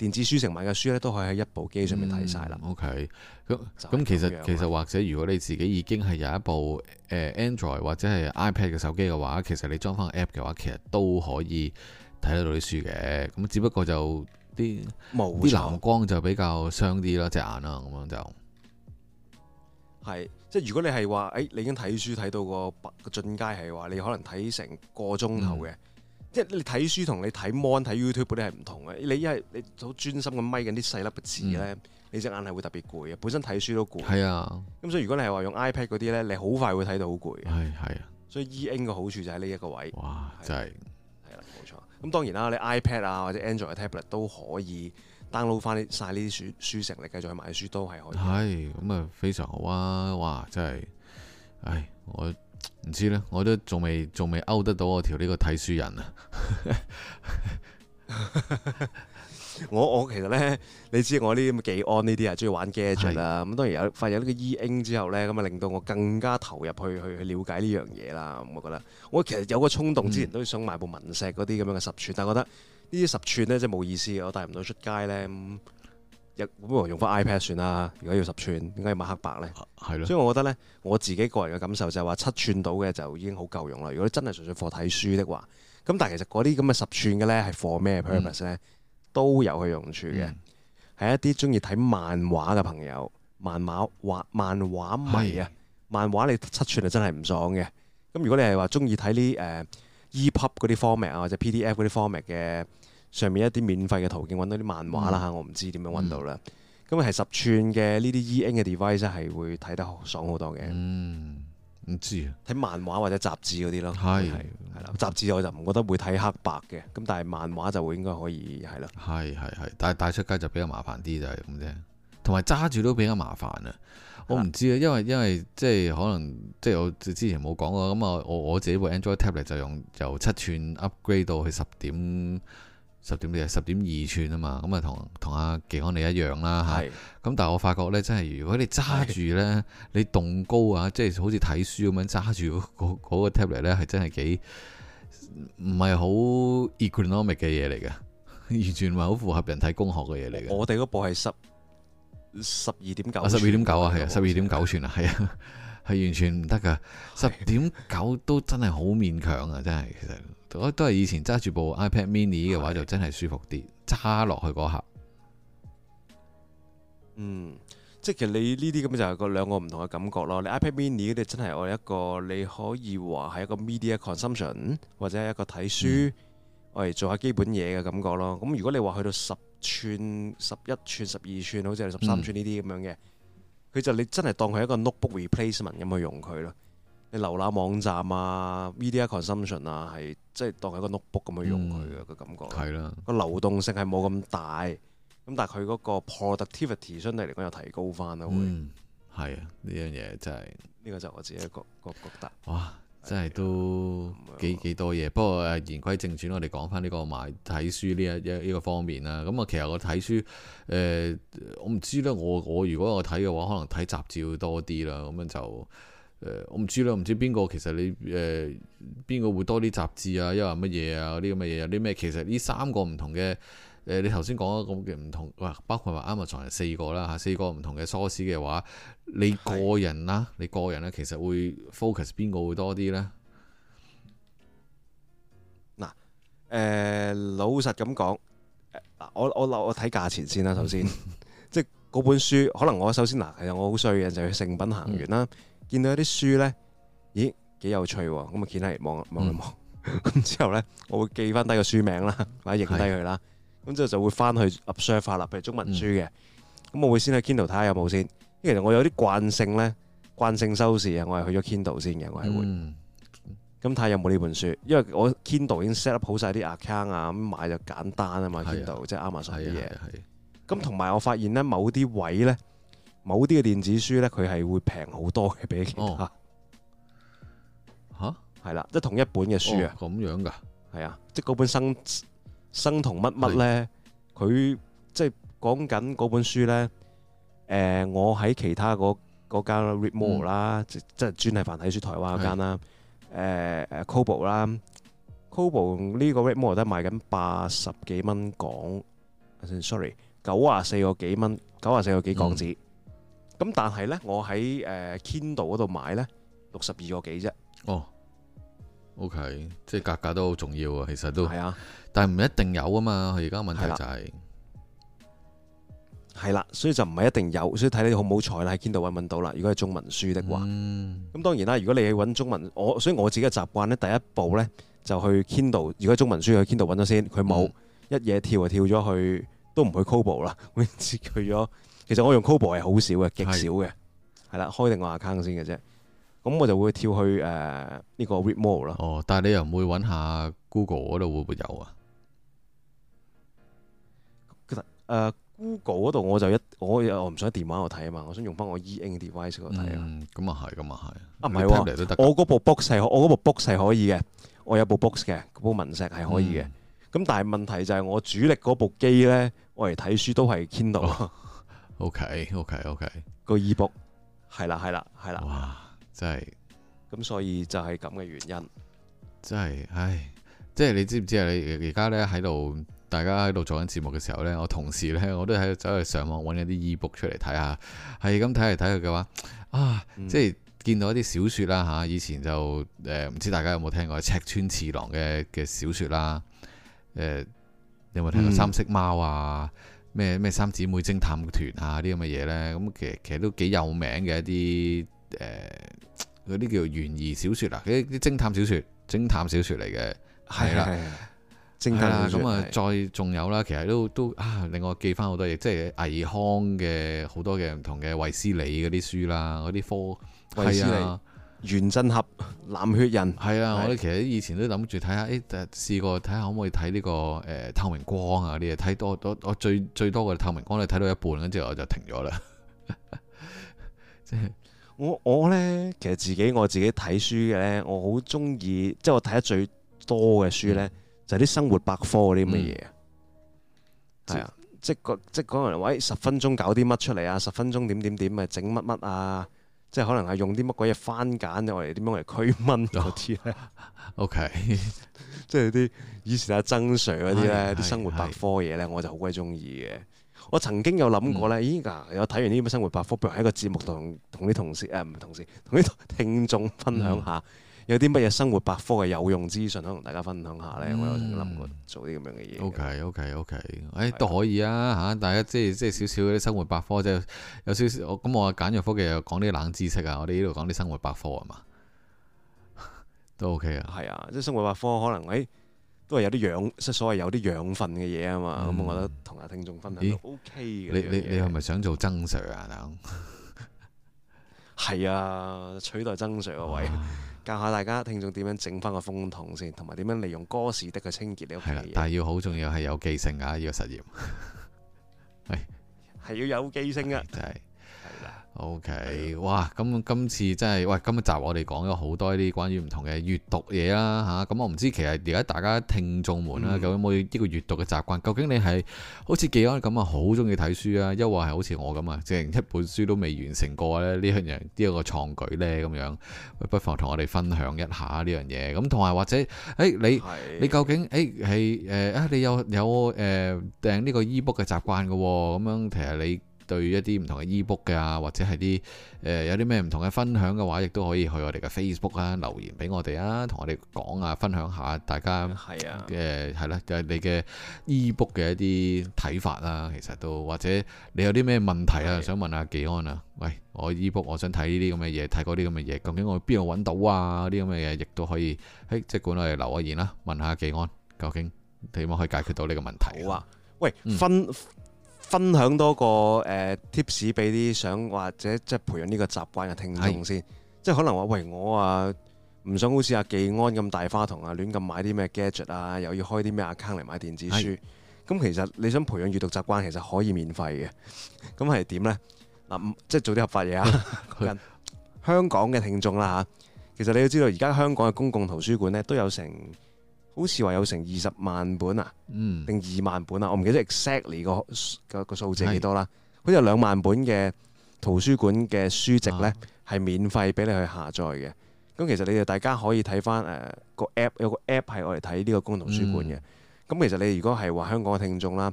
電子書城買嘅書咧，都可以喺一部機上面睇晒啦。OK，咁咁其實其實或者如果你自己已經係有一部誒 Android 或者係 iPad 嘅手機嘅話，其實你裝翻個 app 嘅話，其實都可以睇得到啲書嘅。咁只不過就啲啲冇錯，藍光就比較傷啲咯隻眼啦，咁樣就係即係如果你係話誒，你已經睇書睇到個個進階係話你可能睇成個鐘頭嘅。嗯。即係你睇書，你同你睇 mon 睇 YouTube 嗰啲係唔同嘅，你因為你好專心咁咪緊啲細粒嘅字咧，嗯、你隻眼係會特別攰嘅。本身睇書都攰，係是啊、嗯。咁所以如果你係話用 iPad 嗰啲咧，你好快會睇到好攰。係係是啊。所以 e-ink 嘅好處就喺呢一個位。哇！啊、真係是，係啦冇錯。咁當然啦，你 iPad 啊或者 Android tablet 都可以 download 翻晒呢啲書書城，你繼續去買書都係可以。係，咁啊非常好啊！哇，真係，唉，我。唔知咧，我都仲未仲未勾得到我條呢個睇書人啊。 *laughs* *laughs* *laughs* 我我其實呢，你知我呢啲咁嘅技安呢啲啊，中意玩 gear 啦。咁當然有，發現有呢個 E Ink 之後呢，咁啊令到我更加投入去去去了解呢樣嘢啦。我覺得我其實有個衝動之，之前都想買部文石嗰啲咁樣嘅十寸，但係覺得呢啲十寸呢，即係冇意思我帶唔到出街呢。嗯日，不如用翻 iPad 算啦。如果要十寸，點解要買黑白呢？啊、所以，我覺得呢，我自己個人嘅感受就係話，七寸到嘅就已經好夠用啦。如果你真係純粹 for 睇書的話，咁但係其實嗰啲咁嘅十寸嘅呢係 for 咩 purpose 呢？嗯、都有佢用處嘅。係、嗯、一啲中意睇漫畫嘅朋友，漫畫畫漫畫迷啊，的漫畫你七寸係真係唔爽嘅。咁如果你係話中意睇啲誒 ePub 嗰啲 format 啊，uh, e、form at, 或者 PDF 嗰啲 format 嘅。上面一啲免費嘅途徑，揾到啲漫畫啦嚇。嗯、我唔知點樣揾到啦。咁咪係十寸嘅呢啲 e-ink 嘅 device 係會睇得爽好多嘅。嗯，唔知啊。睇漫畫或者雜誌嗰啲咯，係係係啦。雜誌我就唔覺得會睇黑白嘅，咁但係漫畫就會應該可以係啦。係係係，但係帶,帶出街就比較麻煩啲就係咁啫。同埋揸住都比較麻煩啊。的我唔知啊，因為因為即係可能即係我之前冇講過咁啊。我我自己部 Android tablet 就用由七寸 upgrade 到去十點。十點幾啊？十點二寸啊嘛，咁啊同同阿傑康你一樣啦嚇。咁但係我發覺咧，真係如果你揸住咧，你動高啊，即係好似睇書咁樣揸住嗰個 tablet 咧，係真係幾唔係好 economic 嘅嘢嚟嘅，完全唔係好符合人體工學嘅嘢嚟嘅。我哋嗰部係十十二點九。啊，十二點九啊，係啊，十二點九寸啊，係啊，係完全唔得㗎。十點九都真係好勉強啊，真係其實。都係以前揸住部 iPad Mini 嘅話，就真係舒服啲，揸落是的 去嗰下。嗯，即係其實你呢啲咁就係個兩個唔同嘅感覺咯。你 iPad Mini 你真係攞一個，你可以話係一個 media consumption 或者係一個睇書攞嚟、嗯、做下基本嘢嘅感覺咯。咁如果你話去到十吋、十一吋、十二吋，好似十三吋呢啲咁樣嘅，佢、嗯、就你真係當佢一個 notebook replacement 咁去用佢咯。你瀏覽網站啊，media consumption 啊，係即係當係一個 notebook 咁去用佢嘅個感覺。係啦、嗯，個流動性係冇咁大，咁但係佢嗰個 productivity 相對嚟講又提高翻咯。會係啊，呢樣嘢真係。呢個就我自己個個覺得。哇，真係都的幾幾多嘢。不過言歸正傳，我哋講翻呢個買睇書呢一一呢、呢個方面啦。咁啊，其實我睇書誒、呃，我唔知咧。我我如果我睇嘅話，可能睇雜誌要多啲啦。咁樣就。誒、呃，我唔知啦，唔知邊個其實你誒，邊、呃、個會多啲雜誌啊，又話乜嘢啊，嗰啲咁嘅嘢，有啲咩？其實呢三個唔同嘅，誒、呃，你頭先講咗咁嘅唔同、呃，包括話 Amazon 係四個啦吓，四個唔同嘅 source 嘅話，你個人啦、啊，是的 你個人咧、啊，其實會 focus 邊個會多啲呢？嗱，誒，老實咁講，嗱，我我我睇價錢先啦，首先， *laughs* 即係嗰本書，可能我首先嗱，其我好衰嘅就去、是、誠品行完啦。嗯見到一啲書咧，咦幾有趣喎！咁啊，攪嚟望望一望，咁之後咧，我會記翻低個書名啦，或者影低佢啦。咁是的 之後就會翻去 upload 法啦，譬如中文書嘅。咁、嗯、我會先去 Kindle 睇下有冇先。因為其實我有啲慣性咧，慣性收視啊，我係去咗 Kindle 先嘅，我係會咁睇下有冇呢本書。因為我 Kindle 已經 set up 好晒啲 account 啊，咁買就簡單啊嘛，Kindle 即係 Amazon 啲嘢。咁同埋我發現咧，某啲位咧。某啲嘅電子書咧，佢係會平好多嘅，比其他吓係啦，即同一本嘅書啊，咁樣噶，係啊，即嗰本生生同乜乜咧，佢即講緊嗰本書咧，誒，我喺其他嗰嗰間 Readmoo 啦，即即專係繁體書台灣嗰間啦，誒誒 Kobo 啦，Kobo 呢個 Readmoo 都係賣緊八十幾蚊港，sorry，九十四個幾蚊，九十四個幾港紙。咁但係呢，我喺誒 Kindle 嗰度買呢，六十二個幾啫。哦，OK，即係價格都好重要啊，其實都係啊。但係唔一定有啊嘛。佢而家問題就係係啦，所以就唔係一定有，所以睇你好唔好彩啦。喺 Kindle 揾到啦。如果係中文書的話，咁、嗯、當然啦。如果你去揾中文，我所以我自己嘅習慣呢，第一步呢，就去 Kindle。如果係中文書，去 Kindle 揾咗先，佢冇、嗯、一夜跳就跳咗去，都唔去 Kobo 啦，直 *laughs* 去咗。其實我用 Kobo 係好少嘅，極少嘅，係啦的，開定個 account 先嘅啫。咁我就會跳去誒呢、呃這個 ReadMore 咯。哦，但係你又唔會搵下 Google 嗰度會唔會有啊？其實誒，Google 嗰度我就一，我我唔想電話度睇啊嘛，我想用翻我 E-Ink Device 嗰度睇啊。嗯，咁啊係，咁啊係。啊，唔係我部 Boox 係，我部 Boox 係可以嘅。我有部 Boox 嘅，部文石係可以嘅。咁、嗯、但係問題就係我主力嗰部機咧，我嚟睇書都係 Kindle。 *laughs* O K O K O K 個 ebook 係啦係啦係啦，哇真係咁，所以就係咁嘅原因真係唉，即係你知唔知啊？你而家呢喺度大家喺度做緊節目嘅時候呢，我同事呢，我都喺度走去上網揾一啲 ebook 出嚟睇下，係咁睇嚟睇去嘅話啊、嗯、即係見到一啲小說啦，吓以前就誒唔、呃、知大家有冇聽過赤川次郎嘅嘅小說啦誒、呃、你有冇聽過三色貓啊？嗯咩咩三姊妹偵探團啊啲咁嘅嘢呢？咁其實其實都幾有名嘅一啲誒嗰啲叫懸疑小説啊，啲偵探小説偵探小説嚟嘅，係啦偵探小説咁啊，再仲有啦，其實都都啊，令我記翻好多嘢，即係倪匡嘅好多嘅唔同嘅衛斯理嗰啲書啦，嗰啲科衛斯。原振俠、藍血人，係啊！我哋其實以前都諗住睇下，誒試、啊、過睇下可唔可以睇呢、這個誒、呃、透明光啊啲嘢，睇多多我最最多嘅透明光，你睇到一半，跟住我就停咗啦。即 *laughs* 係、就是、我我呢，其實自己我自己睇書，書呢，我好中意，即係我睇得最多嘅書呢，就係啲生活百科嗰啲咁嘅嘢。係、嗯、啊，啊即係即係講人話，十分鐘搞啲乜出嚟啊？十分鐘點點點咪整乜乜啊？即係可能係用啲乜鬼嘢翻番梘嚟，點樣嚟驅蚊嗰啲咧？OK， *laughs* 即係啲以前阿曾 Sir 嗰啲咧，啲生活百科嘢咧，我就好鬼中意嘅。我曾經有諗過咧，嗯、咦嗱，我睇完呢啲乜生活百科，譬如喺個節目同同啲同事，誒唔係同事，呃、同啲聽眾分享下。嗯有啲乜嘢生活百科嘅有用資訊，想同大家分享下咧，嗯、我有諗過做啲咁樣嘅嘢。O K O K O K，誒都可以啊吓，大家即係即係少少啲生活百科，即、就、係、是、有少 *laughs* 有少。咁我阿簡約、嗯嗯嗯、科技又講啲冷知識啊，我哋呢度講啲生活百科啊嘛，都 O K 嘅。係啊，即係、啊就是、生活百科可能誒、哎，都係有啲養，即係所謂有啲養分嘅嘢啊嘛。咁、嗯、我覺得同阿聽眾分享、嗯、都 O K 嘅。你你你係咪想做曾 Sir 啊？係 *laughs* 啊 *laughs* *laughs* 對，取代曾 Sir 個位。 *laughs* 唉教下大家聽眾點樣整返個風筒先，同埋點樣利用哥士的去清潔你屋企。係啦，但係要好重要係有記性㗎，要、呢個、實驗。係，係要有記性㗎。O、okay. K，哇！咁今次真係，喂，今日集我哋講咗好多呢啲關於唔同嘅閱讀嘢啦，吓，咁我唔知其實而家大家聽眾們啦，究竟有冇呢個閱讀嘅習慣，究竟你係好似紀安咁啊，好中意睇書啊，抑或係好似我咁啊，成一本書都未完成過咧呢樣嘢，呢、這個創舉呢。咁樣，不妨同我哋分享一下呢樣嘢，咁同埋或者誒、欸、你是的 你究竟誒係誒啊你有有誒、呃、訂呢個 ebook 嘅習慣嘅，咁、呃、樣其實你。對於一啲唔同嘅 ebook 噶，book, 或者係啲誒有啲咩唔同嘅分享嘅話，亦都可以去我哋嘅 Facebook 啊，留言俾我哋啊，同我哋講啊，分享下大家嘅係啊，誒係、呃、啦，就係你嘅 ebook 嘅一啲睇法啦、啊，其實都或者你有啲咩問題啊，啊想問下紀安啊，喂，我 ebook 我想睇呢啲咁嘅嘢，睇嗰啲咁嘅嘢，究竟我邊度揾到啊？啲咁嘅嘢亦都可以，即管我哋留啊言啦，問下紀安，究竟點樣可以解決到呢個問題、啊？好啊，喂分。嗯分享多個誒 tips 俾啲想或者即係培養呢個習慣嘅聽眾先，是即係可能話喂我啊唔想好似阿記安咁大花筒啊亂咁買啲咩 gadget 啊，又要開啲咩 account 嚟買電子書。咁是其實你想培養閱讀習慣，其實可以免費嘅。咁係點呢？嗱、啊，即係做啲合法嘢啊！ *laughs* 他香港嘅聽眾啦、啊、嚇，其實你要知道而家香港嘅公共圖書館呢都有成好似話有成二十萬本啊，定二、嗯、萬本啊，我唔記得 exactly 個個、嗰個數字幾多啦。是好似有兩萬本嘅圖書館嘅書籍呢，係、啊、免費俾你去下載嘅。咁其實你哋大家可以睇翻誒個 app，有個 app 係我哋睇呢個公共圖書館嘅。咁、嗯、其實你如果係話香港嘅聽眾啦，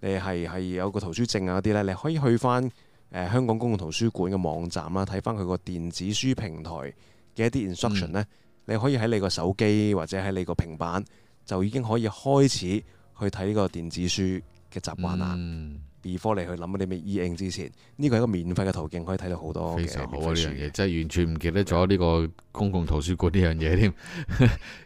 你係係有個圖書證啊嗰啲呢，你可以去翻誒香港公共圖書館嘅網站啦，睇翻佢個電子書平台嘅一啲 instruction 呢、嗯。你可以喺你個手機或者喺你個平板，就已經可以開始去睇呢個電子書嘅習慣啦。Before 你去諗乜嘢 e-ink 之前，呢個係一個免費嘅途徑，可以睇到好多非常好呢樣嘢，真係完全唔記得咗呢個公共圖書館呢樣嘢添。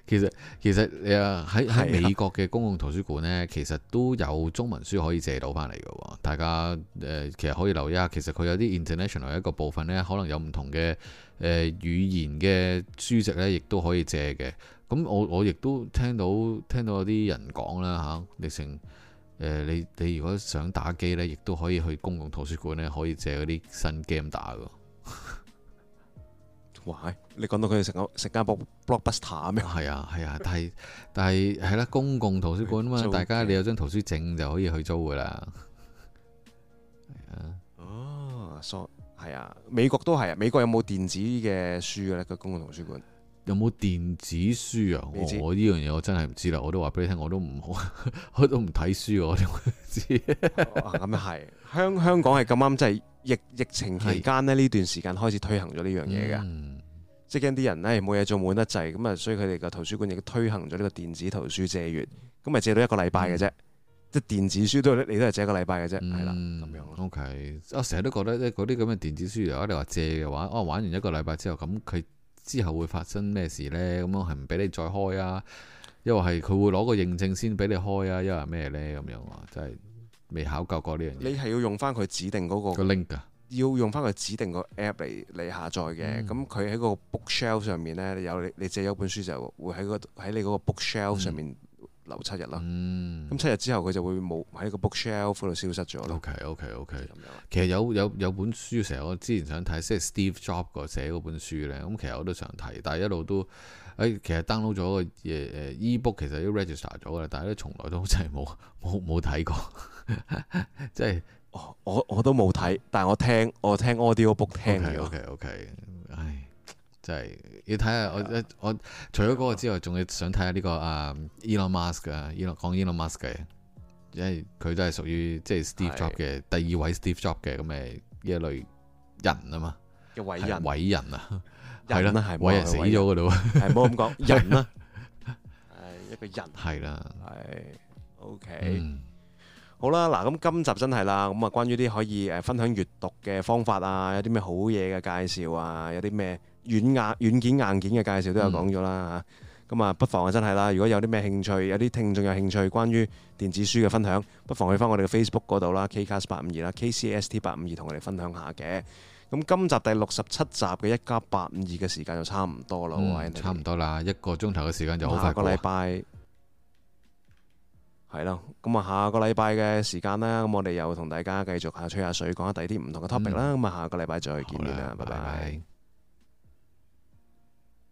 其實其實誒喺喺美國嘅公共圖書館呢，其實都有中文書可以借到翻嚟嘅。大家誒、呃、其實可以留意下，其實佢有啲 international 一個部分呢，可能有唔同嘅。誒、呃、語言嘅書籍呢亦都可以借嘅。咁我我亦都聽到聽到有啲人講啦嚇，歷城、呃、你你如果想打機呢，亦都可以去公共圖書館呢，可以借嗰啲新 game 打噶。 *laughs* 哇！你講到佢哋成個食間 block b u *laughs* s t e r 咁樣。係啊係啊，但係 *laughs* 但係係啦，公共圖書館啊嘛，以大家你有張圖書證就可以去租噶啦。哦、 *laughs* 啊，oh, so. 係啊，美國都係啊，美國有冇電子嘅書？呢個公共圖書館有冇電子書啊？知哦、我呢樣嘢我真係唔知啦，我都話俾你聽，我都唔好， *laughs* 我都唔睇書啊！我點知？咁又係香香港係咁啱，即係疫疫情期間咧，呢是段時間開始推行咗呢樣嘢嘅，嗯、即係驚啲人呢冇嘢做悶得滯，咁啊，所以佢哋嘅圖書館亦都推行咗呢個電子圖書借閲，咁咪借到一個禮拜嘅啫。嗯即係電子書都你都係借一個禮拜嘅啫，係啦咁樣。O、okay. K，我成日都覺得咧，嗰啲咁嘅電子書，如果你話借嘅話，哦、啊、玩完一個禮拜之後，咁佢之後會發生咩事呢？咁樣係唔俾你再開啊？抑或係佢會攞個認證先俾你開啊？抑或咩呢？咁樣啊，真係未考究過呢樣嘢。你係要用翻佢指定嗰、那個、個 link 啊？要用翻佢指定 APP 你、嗯、個 app 嚟嚟下載嘅。咁佢喺個 bookshelf 上面咧，有你你借咗本書就會喺喺你嗰個 bookshelf 上面、嗯。留七日啦，咁、嗯、七日之後佢就會冇喺個 bookshelf 度消失咗咯。OK OK OK，咁樣其實有有有本書成日我之前想睇，即係 Steve Jobs 個寫嗰本書咧，咁其實我都想睇，但係一路都誒、哎，其實 download 咗個誒 ebook 其實都 register 咗㗎啦，但係咧從來都真係冇冇冇睇過，即 *laughs* 係是我我都冇睇，但係我聽我聽 audio book 聽嘅。OK OK, okay、哎就係要睇下我我除咗嗰個之外，仲要想睇下呢個阿 Elon Musk 噶 Elon 講 Elon Musk 嘅，因為佢都係屬於即係 Steve Jobs 嘅第二位 Steve Jobs 嘅咁嘅一類人啊嘛，偉人偉人啊係啦，偉人死咗噶都係冇咁講人啦，係一個人係啦，係 OK 好啦嗱，咁今集真係啦，咁啊關於啲可以誒分享閱讀嘅方法啊，有啲咩好嘢嘅介紹啊，有啲咩？軟硬軟件硬件嘅介紹都有講咗啦嚇，咁啊、嗯、不妨啊真係啦，如果有啲咩興趣，有啲聽眾有興趣關於電子書嘅分享，不妨去返我哋嘅 Facebook 嗰度啦，Kcast 八五二啦 Kcast 八五二同我哋分享下嘅。咁今集第六十七集嘅一家八五二嘅時間就差唔多啦，我、哦、差唔多啦，一個鐘頭嘅時間就好快過。下個禮拜，係咯，咁啊下個禮拜嘅時間啦，咁我哋又同大家繼續下吹下水，講下第二啲唔同嘅 topic 啦。咁啊、嗯、下個禮拜再見面啦吧，拜拜。拜拜